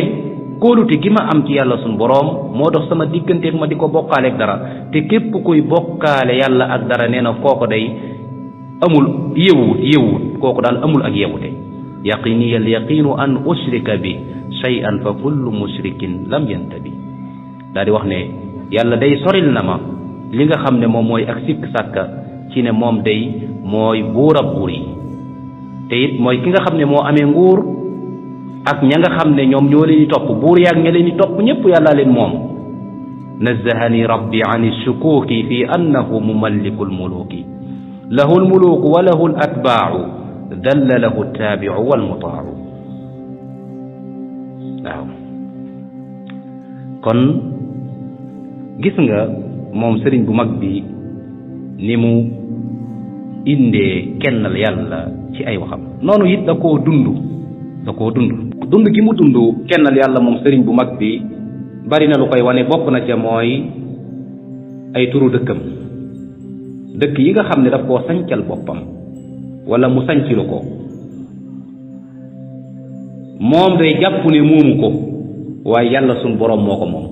ko luti gima am ci yàlla sun borom mo dox sama digeunte ak ma diko bokale ak dara te kep kuy bokale yàlla ak dara neena koko day amul yewut yewut koko dal amul ak yewute يقيني اليقين أن أشرك به شيئا فكل مشرك لم ينتبه داري وخني يالا داي سوري لنما لنغا خمنا مو موي أكسيك ساكا كينا موم داي موي بورا بوري تيت موي كينا خمنا مو أمين غور أك نيانغا خمنا نيوم نيولي نيطوب بوريا نيولي نيطوب نيب يالا لين موم نزهني ربي عن الشكوك في أنه مملك الملوك له الملوك وله الأتباع ذلله التابع والمطاع waaw kon gis nga moom sëriñ bu mag bi ni mu indee kennal yàlla ci ay waxam noonu it da koo dund da koo dund dund gi mu dund kennal yàlla moom sëriñ bu mag bi bari na lu koy wane bokk na ca mooy ay turu dëkkam dëkk yi nga xam ne daf koo sancal boppam wala mu sanc la ko moom day jàpp ne moomu ko waaye yàlla suñ boroom moo ko moom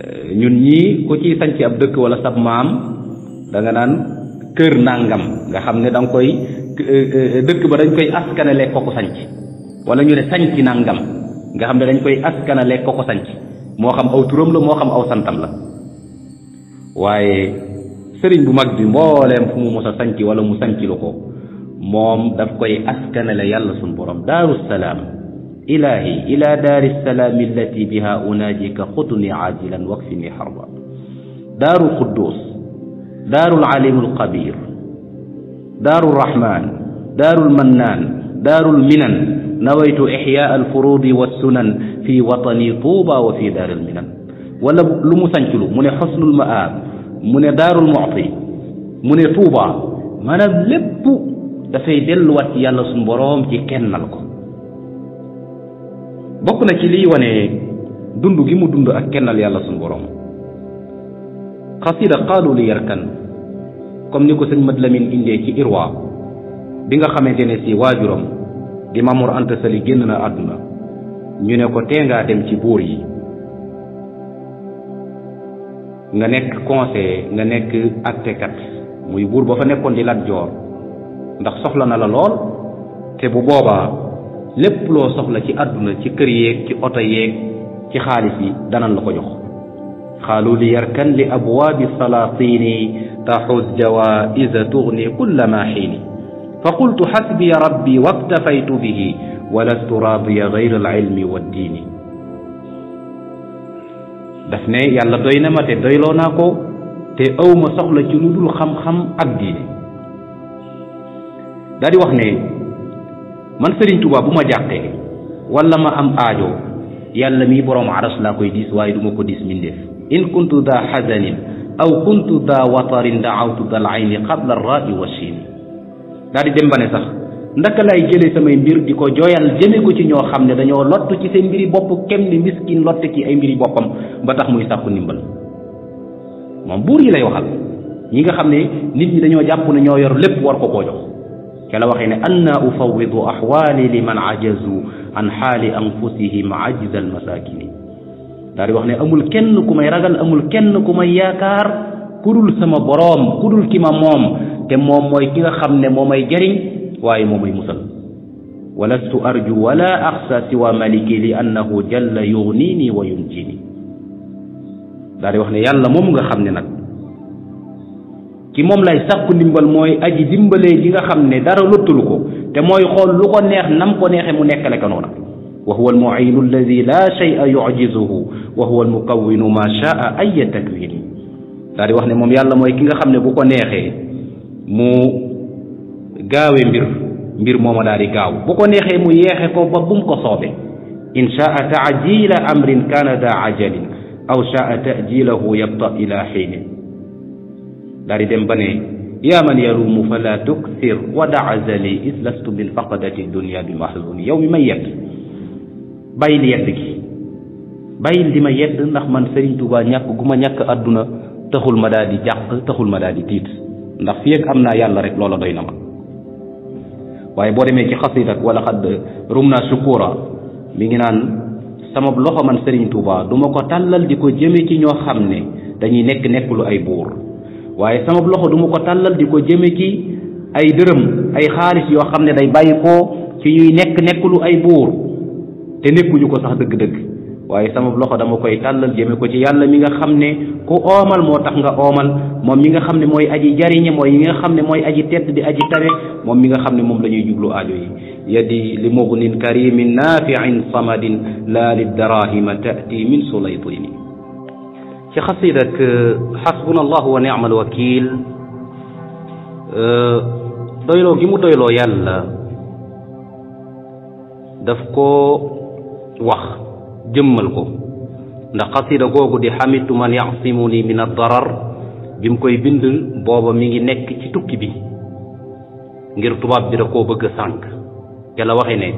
eh, ñun ñii ku ci sanc ab dëkk wala sab maam danga naan kër nàngam nga xam ne danga koy eh, eh, dëkk ba dañ koy askanale ko ko sanc wala ñu ne sanc nàngam nga xam ne dañ koy askanale ko ko sanc moo xam aw turam la moo xam aw santam la waaye sëriñ bu mag bi mbooleem fu mu mos a sanc wala mu sanc lu ko moom daf koy askanale yàlla sun borom daaru salaam ilaahi ila daari salaam allati biha unaajika xutuni aajilan waqfini xarba daaru quddus daaru alalimu alqabir daaru rahman daaru almannaan daaru alminan nawaytu ixyaa alfurudi wassunan fi watani tuuba wa fi daari alminan wala lu mu sanc lu mu ne xosnul maab mu ne daarul muxti mu ne tuuba maanaam lépp dafay delluwaat yàlla suñu boroom ci kennal ko bokk na ci liy wane dund gi mu dund ak kennal yàlla suñu boroom xasida qaalu li yarkan comme ni ko sëñ Mat Lamin indee ci irwa bi nga xamante ne si waajuram di Mamour Anta Sali génn na àdduna ñu ne ko tee ngaa dem ci buur yi nga nekk conseiller nga nekk attekat muy buur ba fa nekkoon di Lat Joor ndax soxla na la lool te bu boobaa lépp loo soxla ci àdduna ci kër yeeg ci oto yeeg ci xaalis yi danan la ko jox xaalu li yarkan li abwaabi salaatini taxuz jawaisa tugni kulla ma xiini fa qultu xasbiya rabbi waqtafaytu bihi walastu raadiya gayra alcilmi waldiini daf ne yàlla doy na ma te doyloo naa ko te awma soxla ci lu dul xam-xam ak diine daa wax ne man Sëriñ Tuubaa bu ma jàqee wala ma am aajo yàlla mii boroom aras laa koy diis waaye du ma ko diis mindeef in kuntu daa xazanin aw kuntu daa watarin daawtu dal ayni qabla arrai wa siin daa di dem ba ne sax ndaka lay jëlee samay mbir di ko jooyal jëme ko ci ñoo xam ne dañoo lott ci seen mbiri bopp kem ni miskin lott ki ay mbiri boppam ba tax muy sàkku nimbal moom buur yi lay waxal ñi nga xam ne nit ñi dañoo jàpp ne ñoo yor lépp war ko koo jox ca la waxee ne anna ufawidu axwaali liman ajazu an xaali anfusihim ajiza almasakini daal di wax ne amul kenn ku may ragal amul kenn ku may yaakaar kudul sama boroom kudul ki ma moom te moom mooy ki nga xam ne moo may jariñ وايم ميمسل ولست أرجو ولا أخسى سوى ملكي لأنه جل يغنيني وينجيني داري وحنا يالا موم خامني نك كي موم لاي ساكو نيمبال موي ادي ديمبالي ليغا خامني دارا لوتولوكو تي موي خول لوكو نيه نام كو نيه مو نيك لك وهو المعين الذي لا شيء يعجزه وهو المكون ما شاء اي تكوين داري وحنا موم يالا موي كيغا خامني بوكو نيه مو gaawe mbir mbir mooma daal di gaaw bu ko neexee mu yeexe ko ba bum ko soobe in shaa tajila amrin kana da ajalin aw shaa tajilahu yabta ila xiinin daal di dem ba ne yaa man yaruumu fala tukthir wa daazali is lastu min faqadati dunia bi mahzuni yow mi may yedd bàyyil yedd gi bàyyil di ma yedd ndax man Sëriñ Tuubaa ñàkk gu ma ñàkk àdduna taxul ma daal di jàq taxul ma daal di tiit ndax fi ak am naa yàlla rek loola doy na ma waaye boo demee ci xasidak wala xadd rum naa sukuura mi ngi naan sama loxo man Serigne Touba duma ko tàllal di ko jëme ci ñoo xam ne dañuy nekk nekk ay buur waaye sama loxo duma ko tàllal di ko jëme ci ay dërëm ay xaalis yoo xam ne day bàyyi ko ci ñuy nekk nekk ay buur te nekkuñu ko sax dëgg-dëgg waaye sama loxo dama koy tàllal jëme ko ci yàlla mi nga xam ne ku oomal moo tax nga oomal moo mi nga xam ne mooy aji jariñe mooy mi nga xam ne mooy aji tedd di aji moom mi nga xam ne moom la ñuy jublu aajo yadi li mugnin karimin naafiin samadin laa lidarahima taati min sulaytini ci xasidak xasbuna allahu wa ni'ma alwakil euh, doyloo gi mu doyloo yàlla daf ko wax jëmmal ko ndax xasida googu di xamitu man yaxsimuni min addarar bi mu koy bind booba mi ngi nekk ci tukki bi ngir tubaab bi da koo bëgg sànq la waxe ne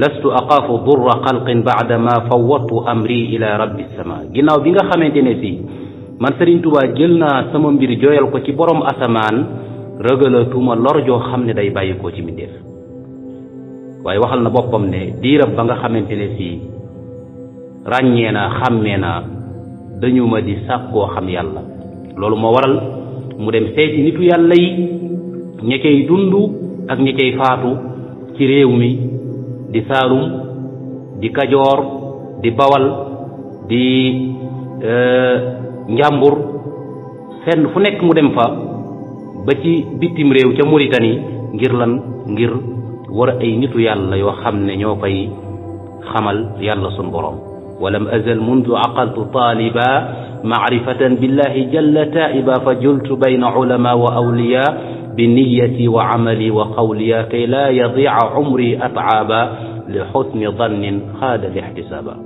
lastu aqaafu durra xalqin bada ma fawwatu amri ila rabbi sama ginnaaw bi nga xamante ne fii man sëriñ tubaa jël naa sama mbir jooyal ko ci borom asamaan rëgalatuma lor joo xam ne day bàyyi koo ci mbindeef waaye waxal na boppam ne diirab ba nga xamante ne fii ràññee naa xàmmee naa dañu ma di sàkkoo xam yàlla loolu moo waral mu dem seeti nitu yàlla yi ña cay dund ak ña faatu ci réew mi di saalum di kajoor di bawal di e, njàmbur fenn fu nekk mu dem fa ba ci bitim réew ca Mauritanie ngir lan ngir war ay nitu yàlla yoo xam ne ñoo koy xamal yàlla sunu boroom ولم أزل منذ عقلت طالبا معرفة بالله جل تائبا فجلت بين علماء وأولياء بنيتي وعملي وقولي كي لا يضيع عمري أتعابا لحسن ظن خاد الاحتسابا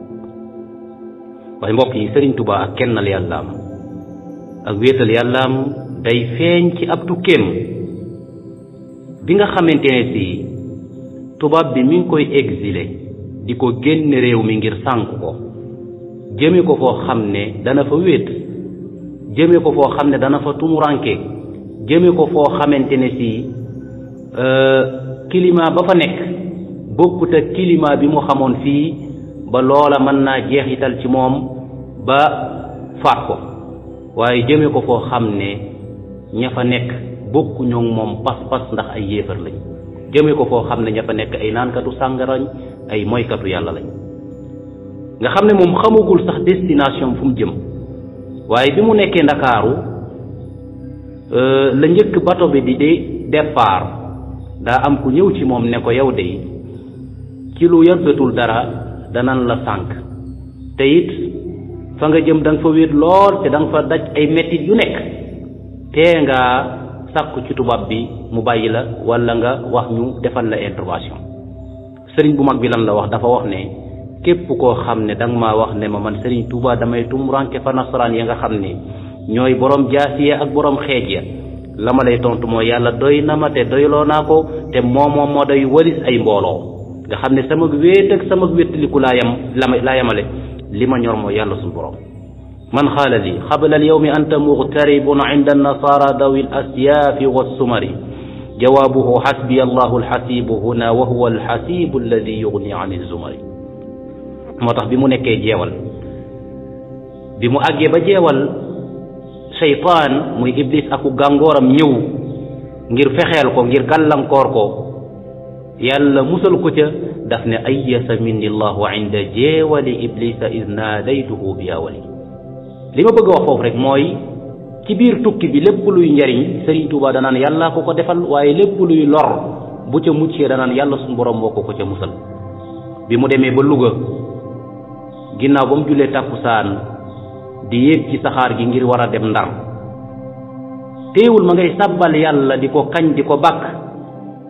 ويمبوكي سرين تبا أكن ليالام أغويت ليالام داي فين كي أبتو كيم بينا خمين تنسي تبا بمين كوي إكزيلي di ko génne réew mi ngir sànk ko jëme ko foo xam ne dana fa wéet jëme ko foo xam ne dana fa tumuranke jëme ko foo xamante ne si euh, climat ba fa nekk bokkut ak bi mu xamoon fii ba loola mën naa jeexital ci moom ba faat ko waaye jëme ko foo xam ne ña fa nekk bokku moom pas-pas ndax ay yéefar lañ jëme ko foo xam ne ña fa nekk ay naankatu sàngarañ ay moykatu yàlla lañ nga xam ne moom xamagul sax destination fu mu jëm waaye bi mu nekkee ndakaaru euh, la njëkk bato bi di de daa am ku ñëw ci moom ne ko yow de ci lu yàggatul dara danan la sànk te it fa nga jëm danga fa wéet lool te danga nga fa daj ay mettit yu nekk te nga sàkku ci tubaab bi mu bàyyi la walla nga wax ñu defal la intervention serigne bu mag bi lan la wax dafa wax ne képp koo xam ne da maa wax ne ma man serigne Touba damay ranke fa nasaraan ya nga xam ne ñooy borom jaasiya ak borom xeej ya la ma lay tontu mooy yàlla doy na ma te doyloo naa ko te moo moom moo doy walis ay mbooloo nga xam ne sama wéet sama wéttaliku laa yam laa yamale li ma ñor mooy yàlla sun borom من قال لي قبل اليوم أنت مغترب عند النصارى ذوي الأسياف والسمر جوابه حسبي الله الحسيب هنا وهو الحسيب الذي يغني عن الزمر moo tax bi mu nekkee jeewal bi mu àggee ba jeewal seytaan muy iblis aku gàngooram ñëw ngir fexeel ko ngir gàllankoor ko yàlla musal ko ca daf ne ayyasa minni llahu inda jeewali iblisa id naadaytuhu bi yaawali li ma bëgg a wax foofu rek mooy ci biir tukki bi lépp luy njariñ Serigne Touba danaan yàllaa ko ko defal waaye lépp luy lor bu ca muccee danaan yàlla suñu borom moo ko ko ca musal bi mu demee ba Louga ginnaaw ba mu jullee tàkkusaan di yéeg ci saxaar gi ngir war a dem Ndar téewul ma ngay sàbbal yàlla di ko kañ di ko bàkk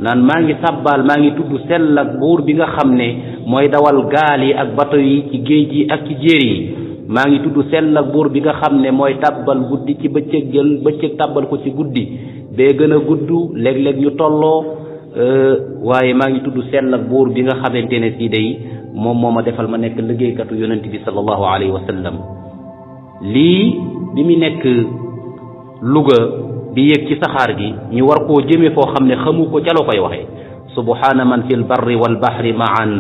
naan maa ngi sàbbal maa ngi tudd sell ak buur bi nga xam ne mooy dawal gaal yi ak bato yi ci géej yi ak ci jéer yi maa ngi tudd sell ak buur bi nga xam ne mooy tàbbal guddi ci bëccëg jël bëccëg tàbbal ko ci guddi bee gën a gudd léeg-léeg ñu tolloo euh, waaye maa ngi tudd sell ak buur bi nga xamante ne sii day moom moo ma defal ma nekk liggéeykatu yonent bi sallallahu alayhi wa sallam lii bi mu nekk Louga bi yéeg ci saxaar gi ñu war koo jëme foo xam ne xamu ko ca la koy waxee subhaana man fil barri wal bahri ma'an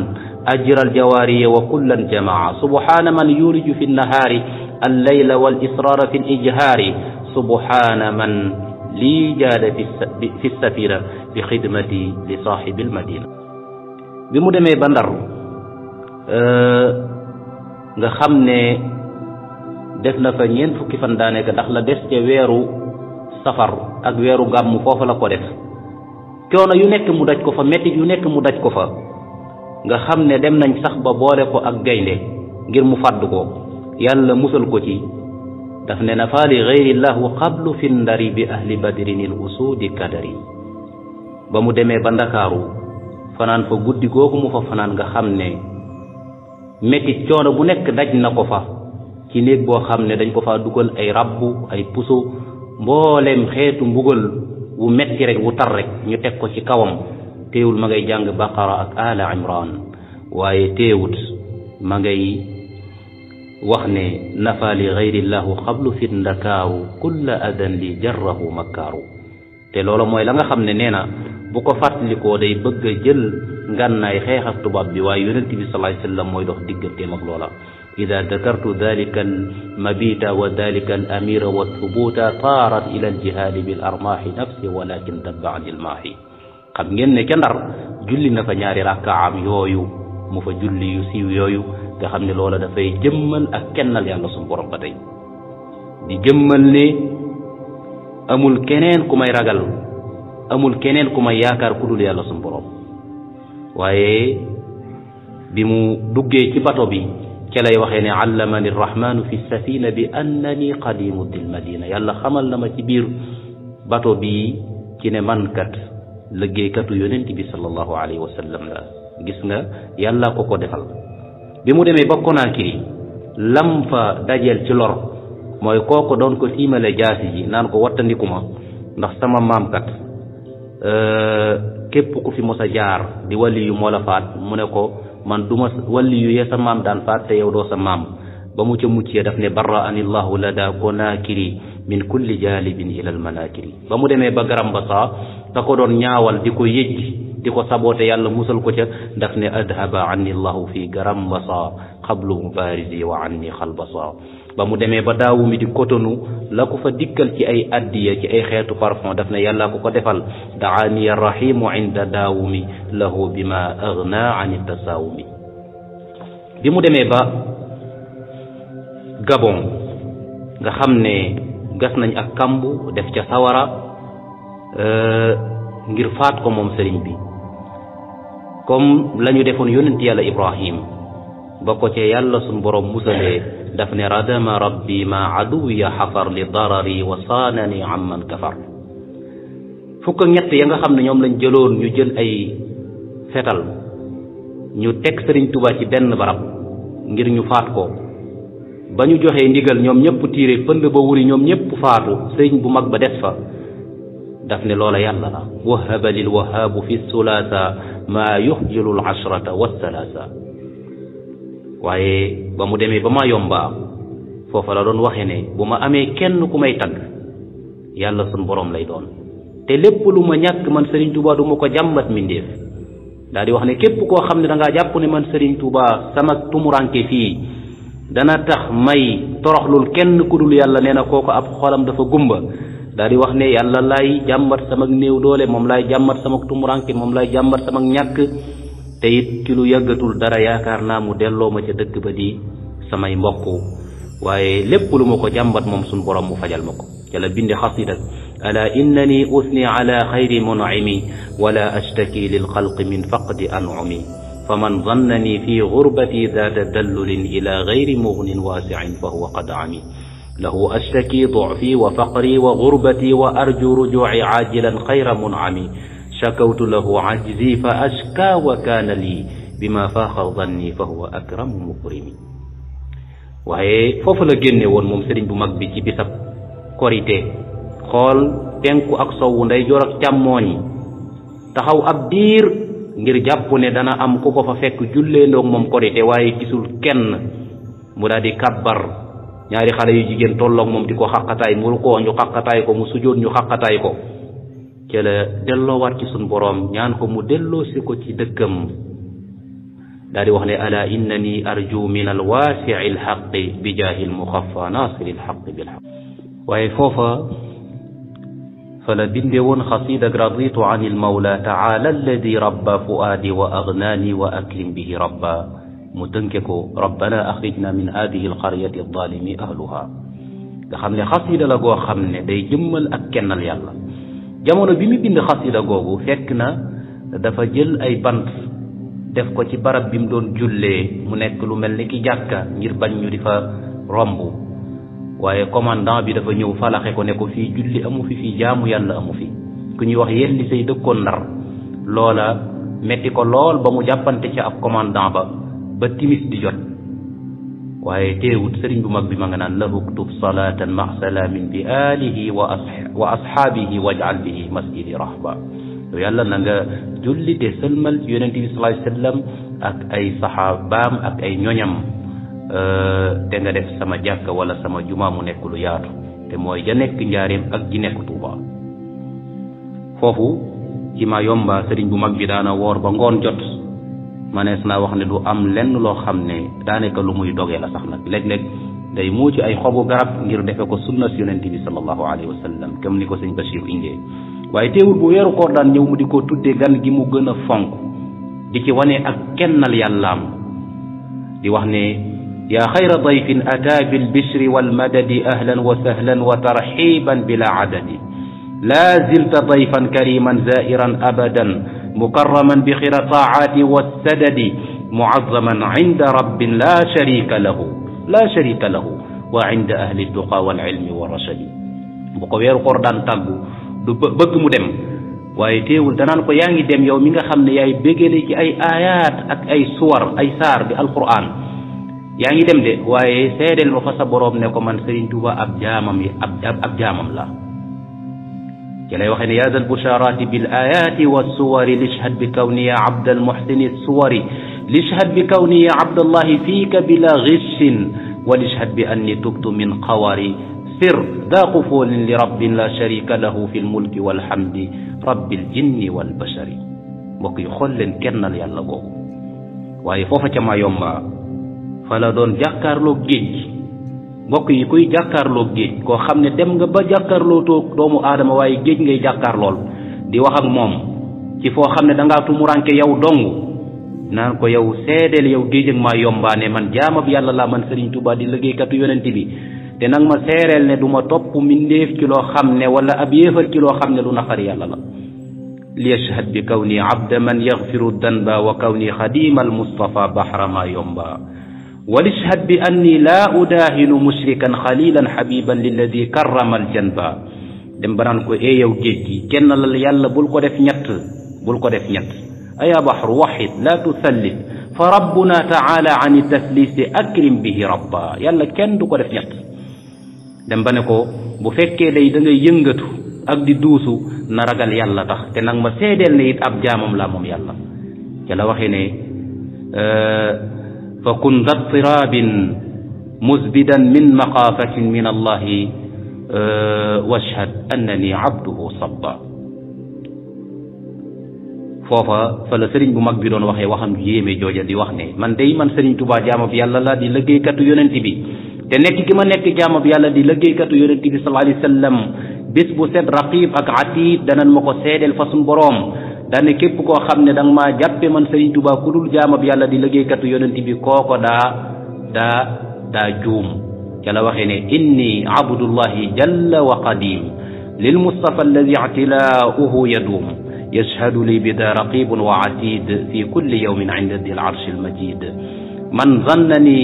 أجر الجواري وكلا جماعة سبحان من يولج في النهار الليل والإصرار في الإجهار سبحان من لي جاد في السفينة بخدمتي لصاحب المدينة بمدمي بندر nga xam ne def na fa ñeent fukki fan daanaka ndax la des ca weeru safar ak weeru gàmm foofa la ko def coono yu nekk mu daj ko fa mettit yu nekk mu daj ko fa nga xam ne dem nañ sax ba boole ko ak gaynde ngir mu fàdd ko yàlla musal ko ci daf ne na faali xeyrillah wa qablu fi ndari bi ahli badrinil usuudi kadari ba mu demee ba ndakaaru fanaan fa guddi googu mu fa fanaan nga xam ne metti coono bu nekk daj na ko fa ci néeg boo xam ne dañ ko faa dugal ay rabbu ay puso mbooleem xeetu mbugal wu metti rek wu tar rek ñu teg ko ci kawam teewul ma ngay jàng baqara ak ala imran waaye teewut ma ngay wax ne nafa li gayrillahu xablu fi ndakaaru kulla adan li jarrahu makkaaru te loola mooy la nga xam ne nee na bu ko fàttalikoo day bëgg a jël ngànnaay xeex ak tubaab bi waaye yonent bi salaai sallam mooy dox digganteem ak loola إذا ذكرت ذلك المبيت وذلك الأمير والثبوت طارت إلى الجهاد بالأرماح نفسي ولكن تبعني الماحي xam ngeen ne ca ndar julli na fa ñaari rakkaam yooyu mu fa julli yu siiw yooyu nga xam ne loola dafay jëmmal ak kennal yàlla sun borom ba tey di jëmmal ne amul keneen ku may ragal amul keneen ku may yaakaar ku dul yàlla sun borom waaye bi mu duggee ci bato bi ca lay waxee ne allamani rahmanu fi safina bi annani qadimu dil madina yàlla xamal na ma ci biir bato bi ci ne man kat liggey katu yonent bi sallallahu alayhi wa sallam la gis nga yàlla ko ko defal bi mu deme ba Conakry lam fa dajel ci lor moy koko don ko timale jasi ji nan ko watandikuma ndax sama mam kat euh kep ku fi mosa jaar di wali yu mola fat muné ko man duma wali yu yesa mam dan fat te yow do sa mam ba mu ci mucciya daf ne barra ani llahu lada konakiri min kulli jalibin ila almanakiri ba mu deme ba garam ba saa ka ko doon ñaawal di ko yejji di ko saboote yàlla musal ko ca daf ne adhaba anni allah fi garam basa qablu mubarizi wa anni khalbasa ba mu deme ba daawu mi di kotonu la ko fa dikkal ci ay addiya ci ay xeetu parfum daf ne yàlla ko ko defal daani ar-rahim inda daawumi lahu bima agna an tasawumi bi mu deme ba gabon nga xamne gas nañ ak kambu def ca sawara Euh, ngir faat ko moom sëriñ bi comme la ñu defoon yonent yàlla ibrahim ba ko cee yàlla suñ boroom musalee daf ne radama rabbi ma aduwiya xafar li darari wa saanani amman kafar fukk ak ñett ya nga xam ne ñoom lañu jëloon ñu jël ay fetal ñu teg sëriñ Tuubaa ci benn barab ngir ñu faat ko ba ñu joxee ndigal ñoom ñëpp tiire pënd ba wuri ñoom ñëpp faatu sëriñ bu mag ba des fa دفني لولا يلا وهب للوهاب في الثلاثة ما يهجل العشرة والثلاثة واي بمودمي بما يومبا فوفلا دون وحيني بما أمي كن كما يتق يلا سنبرم ليدون تلبو لما نيك من سرين توبا دومو جمبت من ديف داري وحني كيف كو خمني دانغا جابوني من سرين توبا سمك تمرانك في دانا تخ مي طرح لول كن كدول يلا نينا كوكو أب خالم دفو جمبا daal di wax ne yàlla laay jàmbat sama néew doole moom laay jàmbat sama tumuranke moom laay jàmbat sama ñàkk te it ci yàggatul dara yaakaar naa mu delloo ma ca dëkk ba di samay mbokk waaye lépp lu ma ko jàmbat moom suñ borom mu fajal ma ko ca la bindi xasida ala innani usni ala xayri munimi wala ashtaki lil xalqi min faqdi anumi fa man zannani fi gurbati daata dallulin ila gayri mugnin waasiin fa huwa له أشتكي ضعفي وفقري وغربتي وأرجو رجوعي عاجلا خير منعمي شكوت له عجزي فأشكى وكان لي بما فاخ ظني فهو أكرم مكرمي وهي فوفل جن والممسرين بمكبتي بسب كوريتي قال تنكو أقصو ونداي جورك تموني تخو أبدير ngir japp ne dana am ku ko fa fekk julle ndok mom ko rete waye gisul kenn mu kabbar ñaari xale yu jigen tolok mom diko xaqataay mu ko ñu xaqataay ko mu sujjóot ñu xaqataay ko ci la dello war ci sun borom ñaan ko mu dello ci ko ci dëkkam daal wax ne ala innani arju min al al alxaqi bi jahil mukhaffa nasir al naasiri bil haqq waaye foofa فلا ون خصيدة رضيت عن المولى تعالى الذي ربى فؤادي وأغناني وأكلم به ربا mu tënke ko rabbana axrijna min hadihi alqaryati alzalimi ahluha nga xam ne xasida la goo xam ne day jëmmal ak kennal yàlla jamono bi mu bind xasida googu fekk na dafa jël ay bant def ko ci barab bi mu doon jullee mu nekk lu mel ni ki jàkka ngir bañ ñu di fa romb waaye commandant bi dafa ñëw falaxe ko ne ko fii julli amu fi fi jaamu yàlla amu fi ku ñuy wax yelli say dëkkoon ndar loola metti ko lool ba mu jàppante ci ab commandant ba ba timis di jot waaye teewut sëriñ bu mag bi ma nga naan lahu ktub salatan ma salaamin bi alihi wa wa ashaabihi wajal bihi masjidi rahba yow yàlla na nga julli te sëlmal ci yonente bi sallallahu alayhi wasallam ak ay saxaabaam ak ay ñoñam te nga def sama jàkk wala sama jumaa mu nekk lu yaatu te mooy ja nekk njaareem ak ji nekk tuuba foofu ci ma yomba sëriñ bu mag bi daana woor ba ngoon jot manees naa wax ne du am lenn loo xam ne daanaka lu muy doge la sax nag léeg-léeg day muuci ay xobu garab ngir defe ko sunna si yonente bi salallahu alayhi wa sallam comme ni ko sëñ Bachir indee waaye teewul bu weeru koor daan ñëw mu di ko tuddee gan gi mu gën a fonk di ci wane ak kennal yàllaam di wax ne يا خير ضيف أتى بالبشر والمدد أهلا وسهلا وترحيبا بلا عدد لا زلت ضيفا كريما زائرا أبدا مكرما بخير بخرصاعات والسدد معظما عند رب لا شريك له لا شريك له وعند أهل التقى والعلم والرشد بقوير قردان تقو بك مدم ويتيول دانان كو يانجي دم يو ميغا خمنا ياي بيجيلي كي أي آيات أك أي سور أي سار بي القرآن يانجي دم دي ويسيد المفاسة بروب نكو من سرين توبا أب جامم أب, أب لا كلا وخين يا ذا البشارات بالآيات والصور لشهد بكوني يا عبد المحسن الصور لشهد بكوني يا عبد الله فيك بلا غش ولشهد بأني تبت من قواري سر ذا قفول لرب لا شريك له في الملك والحمد رب الجن والبشر وكي خل xool leen kennal yàlla ما waaye فلا ca ma yomba fa mbokk yi kuy jàkkaarloog géej koo xam ne dem nga ba jàkkaarloo toog doomu aadama waaye géej ngay jàkkaarlool di wax ak moom ci foo xam ne danga ngaa tumuranke yow dong naan ko yow seedeel yow géej maa yombaane man jaamab yàlla laa man sëriñ Touba di liggéeykatu yonent bi te nag ma seereel ne duma ma topp mbindéef ci loo xam ne wala ab yéefar ci loo xam ne lu naqar yàlla la li yashhad bi kaw nii abda man yaxfiru danba wa kaw nii xadimal Mustafa bahra ولشهد بأني لا أداهن مشركا خليلا حبيبا للذي كرم الجنب دمبران كو اي يو جيجي كن لال يالا بول كو ديف نيات بول كو ايا بحر واحد لا تثلث فربنا تعالى عن التثليث اكرم به ربا يالا كن دو كو ديف نيات دمبان كو بو لي دا ناي ييغاتو دوسو نارغال يالا تاخ تي نك ما سيدل نيت اب جامم يالا كلا واخي أه فكن ذا اضطراب مزبدا من مخافة من الله آه، واشهد أنني عبده صبا فوفا فلا سرين بو مك بيدون واخي واخام دي واخني من داي سرين توبا جامو في الله دي لغي كاتو يوننتي بي te nekk gi ma nekk jaamo bi yàlla di lëggéeykatu yonente bi sal allai sallam bis bu seet raqib ak atiib danan ma ko dani képp koo xam ne da maa jàppe man sëriñ tubaa ku dul jaamab yàlla di liggéeykatu yonent bi kooko daa daa daa juum ca la waxee ne inni abdullahi jalla wa qadim lil mustafa alladi ictilaauhu yaduum yashhadu li bida raqibun wa atid fi kulli yawmin inda di alarshi almajid man zannani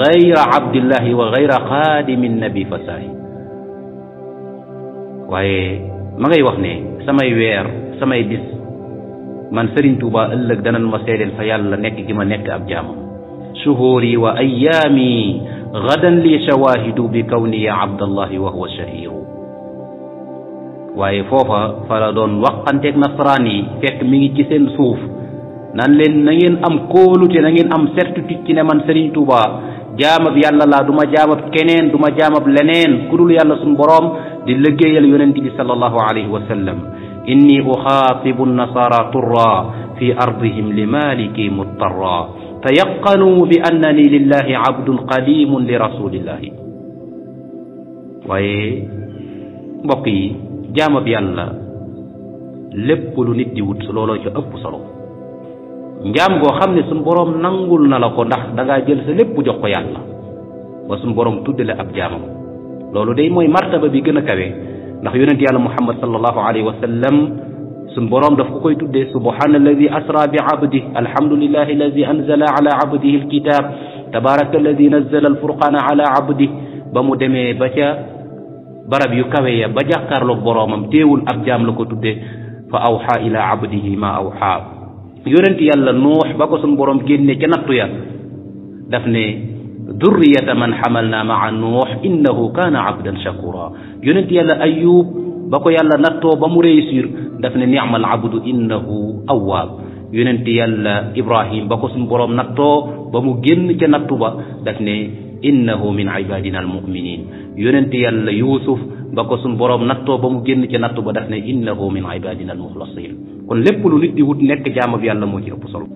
gayra abdillahi wa gayra xaadimi nabi fasaay waaye ma ngay wax ne samay weer samay bis man Serigne Touba ëllëg dana ma seedeel fa yàlla nekk gi ma nekk ab jaamam shuhuri wa ayami gadan li shawahidu bi kawni ya abdallah wa huwa shahiru waaye foofa fa la doon waxanteeg nasaraan yi fekk mi ngi ci seen suuf nan leen na ngeen am kóolute na ngeen am certitude ci ne man Serigne Touba jaamab yàlla laa du ma jaamab keneen du ma jaamab leneen ku dul yàlla sun borom di liggéeyal yonent bi sallallahu alayhi wa sallam إني أخاطب النصارى طرا في أرضهم لمالكي مضطرا تيقنوا بأنني لله عبد قديم لرسول الله waaye mbokk yi jaama bi yàlla lépp lu nit di wut looloo ca ëpp solo njaam goo xam ne suñ boroom nangul na la ko ndax da ngaa jël sa lépp jox ko yàlla ba suñ boroom tuddale ab jaamam loolu day mooy martaba bi gën a kawe ndax yonent yàlla muhammad sallallahu alayhi wa sallam sun borom daf ko koy tuddee subhana alladi asra bi abdi alhamdulillahi alladi anzala ala abdihi alkitab tabaraka alladi nazzala alfurqana ala abdi ba mu demee ba ca barab yu kawe ya ba jàkkaarloog boromam teewul ab jaam la ko tuddee fa awxa ila abdihi ma awxa yonent yàlla nuux ba ko sun borom génne ca nattu ya daf ne ذرية من حملنا مع نوح إنه كان عبدا شكورا يونت يلا أيوب بكو يلا نتو بمريسير دفن نعم العبد إنه أواب يونت يلا إبراهيم بكو سنبرم نتو بمجن جنتو دفن إنه من عبادنا المؤمنين يونت يلا يوسف بكو سنبرم نتو بمجن جنتو دفن إنه من عبادنا المخلصين كن لب لو نيت دي ووت نيك موجي ابو صلو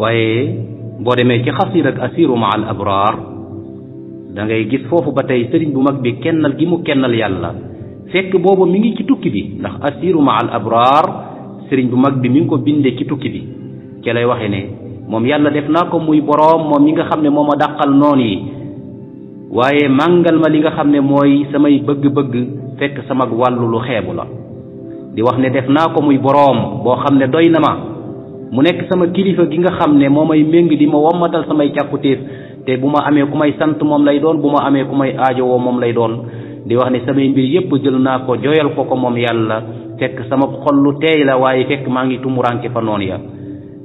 واي بو ديمي سي خاسير مع الابرار da ngay gis foofu ba tey sëriñ bu mag bi kennal gi mu kennal yàlla fekk boobu mu ngi ci tukki bi ndax assiru ma ab abraar sëriñ bu mag bi mi ngi ko bindee ci tukki bi ci lay waxe ne moom yàlla def naa ko muy boroom moom mi nga xam ne moo ma dàqal noon yi waaye màngal ma li nga xam ne mooy samay bëgg-bëgg fekk sama wàll lu xeebu la di wax ne def naa ko muy boroom boo xam ne doy na ma mu nekk sama kilifa gi nga xam ne moo may méng di ma wommatal samay càkkutéef te bu ma amee ku may sant moom lay doon bu ma amee ku may aajowoo moom lay doon di wax ne samay mbir yépp jël naa ko joyal ko ko moom yàlla fekk sama xol lu teey la waaye fekk maa ngi tumuranke fa noonu ya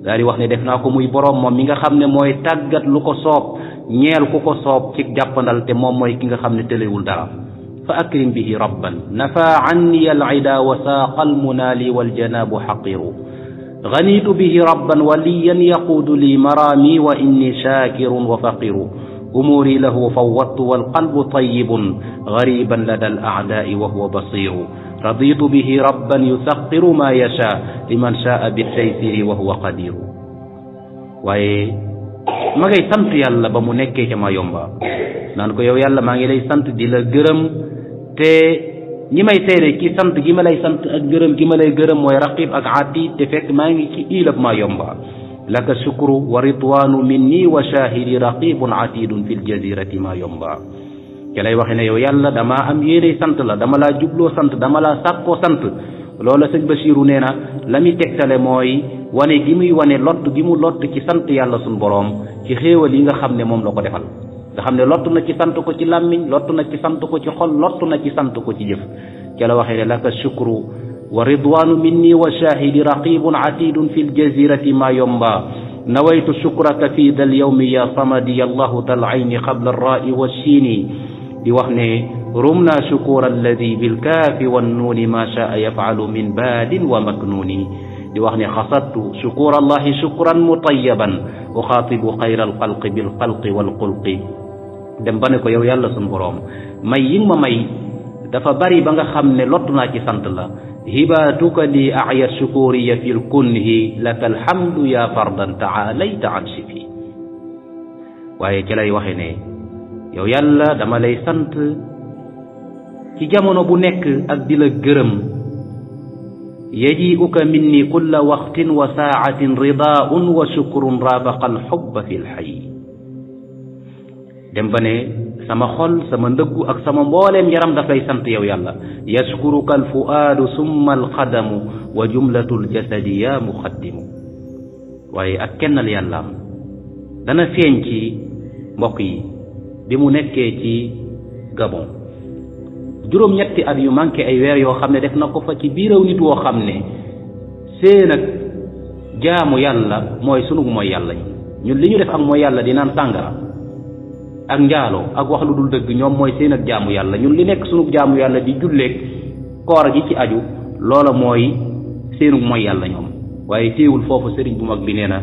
daal di wax ne def naa ko muy borom moom mi nga xam ne mooy tàggat lu ko soob ñeel ku ko soob ci jàppandal te moom mooy ki nga xam ne tëlewul dara fa akrim bihi rabban nafa anni al ida wa saaqa wal waljanaabu xaqiru غنيت به ربا وليا يقود لي مرامي وإني شاكر وفقر أموري له فوضت والقلب طيب غريبا لدى الأعداء وهو بصير رضيت به ربا يثقر ما يشاء لمن شاء بالتيسير وهو قدير واي ما ngay سنت يالا بمو mu nekkee يومبا نانكو yomba naan ko yow yàlla maa ngi lay sant ñi may seere ci sant gi ma lay sant ak gërëm gi ma lay gërëm mooy raqib ak addi te fekk maa ngi ci iilab maa yomba laka shukru wa ridwanu minni wa shahidi raqibun atidun fi ljazirati maa yomba ca lay waxe ne yow yàlla damaa am yéeney sant la dama laa jubloo sant dama laa sàkkoo sant loola sëñ Basiiru nee na la muy tegtale mooy wane gi muy wane lott gi mu lott ci sant yàlla suñu boroom ci xéewal yi nga xam ne moom la ko defal nga xamne lotu na ci sant ko ci lamiñ lotu na ci sant ko ci xol lotu na ci sant ko ci jëf ci la waxe la ka shukru wa ridwanu minni wa shahid raqibun atidun fi ljazirati ma yomba نويت شكرك في ذا اليوم يا صمدي الله ذا العين قبل الراء والشين لوهن رمنا شكور الذي بالكاف والنون ما شاء يفعل من باد ومكنون لوهن خصدت شكور الله شكرا مطيبا أخاطب خير الخلق بالخلق والقلق dem bané ko yow yàlla sun borom may yi ma may dafa bari ba nga xamné lotuna ci sant la hibatuka li ahya sukuriya fil kunhi lakal hamdu ya fardan taalayta an shifi waye ci lay waxe ne yow yàlla dama lay sant ci jamono bu nek ak dila gëreum gërëm مني كل وقت وساعة رضاء وشكر رابق الحب في الحي dem ba ne sama xol sama ndëggu ak sama mbooleem yaram daf lay sant yow yàlla yaskuruka alfuaadu summa alqadamu wa jumlatu aljasadi ya muqaddimu waaye ak kennal yàllaam dana feeñ ci mbokk yi bi mu nekkee ci gabon juróom ñetti at yu manqué ay weer yoo xam ne def na ko fa ci biiraw nit woo xam ne seen ak jaamu yàlla mooy sunu mooy yàlla ñun li ñu def ak mooy yàlla di naan sàngara ak njaalo ak wax lu dul dëgg ñoom mooy seen ak jaamu yàlla ñun li nekk sunu jaamu yàlla di julleeg koor gi ci aju loola mooy seenu mooy yàlla ñoom waaye téewul foofu sëriñ bu mag bi nee na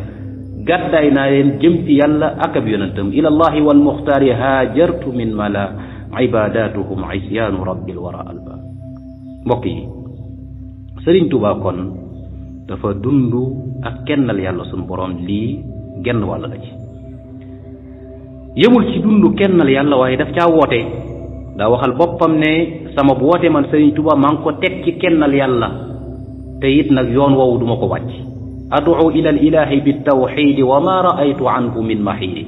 gàddaay naa leen jëm ci yàlla ak ab yonantam ila allahi wal muxtaari haajartu min mala ibadatuhum isyaanu wara alba mbokk yi sëriñ tuba kon dafa dund ak kennal yàlla borom lii genn wàll la ci yemul ci dundu kennal yàlla waaye daf ca wote da waxal bopam ne sama bu woote man serigne touba man ko tek ci kennal yàlla te yit nak yoon wowo duma ko wàcc adu ila al ilahi bit tawhid wa ma raaytu anhu min mahiri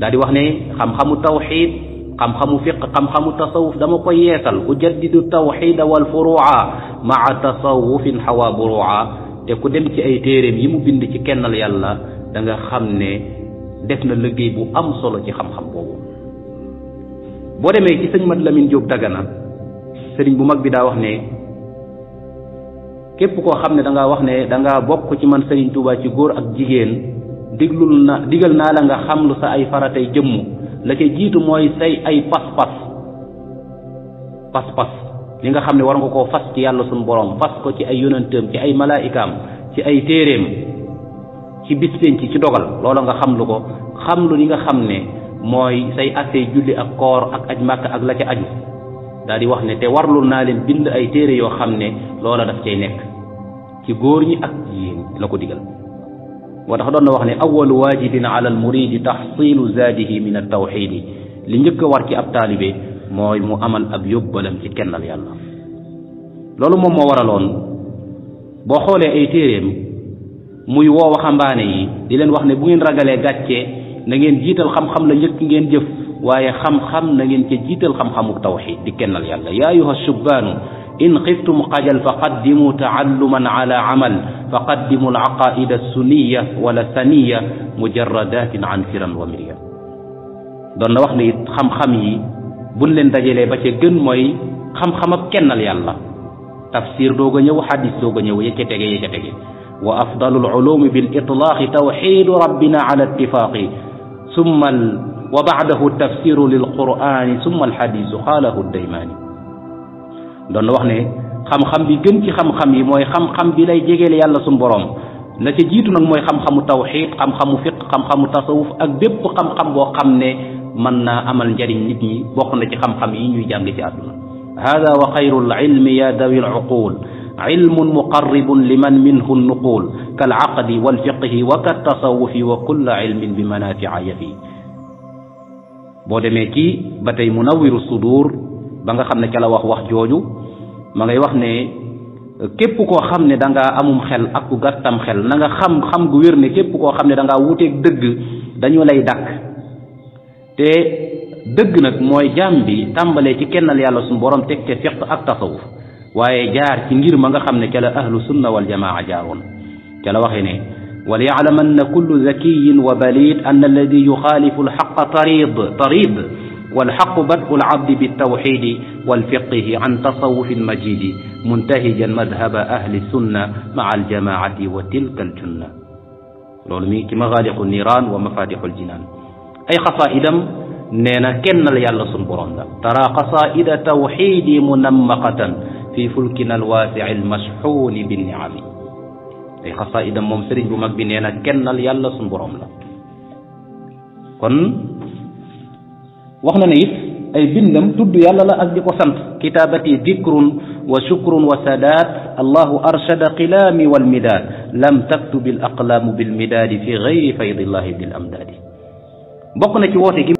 daa di wax ne xam-xamu tawhid xam-xamu fiqh xam-xamu tasawuf dama ko yeesal jaddidu tawhid wal furua maa tasawuf hawa burua te ku dem ci ay téeréem yi mu bind ci kennal yàlla da nga xam ne def na liggéey bu am solo ci xam-xam boobu boo demee ci sëñ Mat Lamine Diop Dagana sëriñ bu mag bi daa wax ne képp koo xam ne danga wax ne danga ngaa bokk ci man sëriñ Touba ci góor ak jigéen diglul na digal naa la nga xam lu sa ay faratay jëmm la ca jiitu mooy say ay pas-pas pas-pas li nga xam ne war nga koo fas ci yàlla suñu borom fas ko ci ay yonanteem ci ay malaayikaam ci ay téeréem ci bis penc ci dogal loola nga xam lu ko xam lu li nga xam ne mooy say assey julli ak koor ak aj màkk ak la ca aju daal di wax ne te warlul naa leen bind ay téere yoo xam ne loola daf cay nekk ci góor ñi ak jigéen la ko digal moo tax doon na wax ne awalu waajibin ala al muridi taxsilu zaadihi min al tawxidi li njëkk war ci ab taalibe mooy mu amal ab yóbbalam ci kennal yàlla loolu moom moo waraloon boo xoolee ay téeréem muy woo waxambaane yi di leen wax ne bu ngeen ragalee gàcce na ngeen jiital xam-xam la njëkk ngeen jëf waaye xam-xam na ngeen ca jiital xam-xamu tawxid di kennal yàlla yaa ayuha subbaanu in xiftum xajal fa fa qaddimu qaddimu taalluman ala amal إن خفتم قجل فقدموا تعلما على عمل فقدموا العقائد السنية والثنية مجردات عن فرا ومريا دون وخني خم خمي بن لن دجلي با سي گن موي خم خمب كنال يالا تفسير دوغا نيو ñëw ya ca tege ya ca tege وأفضل العلوم بالإطلاق توحيد ربنا على اتفاق ثم ال... وبعده التفسير للقرآن ثم الحديث قاله الديماني دون وخنا خم خم بي گن سي خم خم موي خم خم بي لاي جيجل يالا سون بوروم لا سي موي خم خم توحيد خم خم فقه خم خم تصوف اك خم خم بو ني من نا عمل جارين نيت ني خم خم يي ني جانغ هذا وخير العلم يا ذوي العقول علم مقرب لمن منه النقول كالعقد والفقه وكالتصوف وكل علم بمنافع يفي بودميكي باتاي منور الصدور باغا خامنا كلا واخ واخ جوجو ماغي واخ ني كيب كو خامني داغا اموم خيل اكو غاتام خيل ناغا خام خام غو ويرني كيب كو خامني داغا ووتيك دغ دانيو لاي داك تي دغ نك موي جامبي تامبالي سي كينال يالا سون بوروم تك تي فيق اك تصوف waaye jaar ci ngir ma nga xam ne ca la ahlu sunna wal jamaa jaaroon ca la waxee ne وليعلمن كل ذكي وبليد أن الذي يخالف الحق طريض طريض والحق بدء العبد بالتوحيد والفقه عن تصوف مجيد منتهجا مذهب أهل السنة مع الجماعة وتلك الجنة لولمي كما غالق النيران ومفاتيح الجنان أي قصائد نينا كن يالا سنبرون ترى قصائد توحيد منمقة في فلكنا الواسع المشحون بالنعم اي خاصا اذا موم بو ماك بي نينا كنال يالا سون بوروم لا كون واخنا نيت اي بنم تود يالا لا اك ديكو سانت كتابتي ذكر وشكر وسادات الله ارشد قلامي والمداد لم تكتب الاقلام بالمداد في غير فيض الله بالامداد بوكنا سي ووتي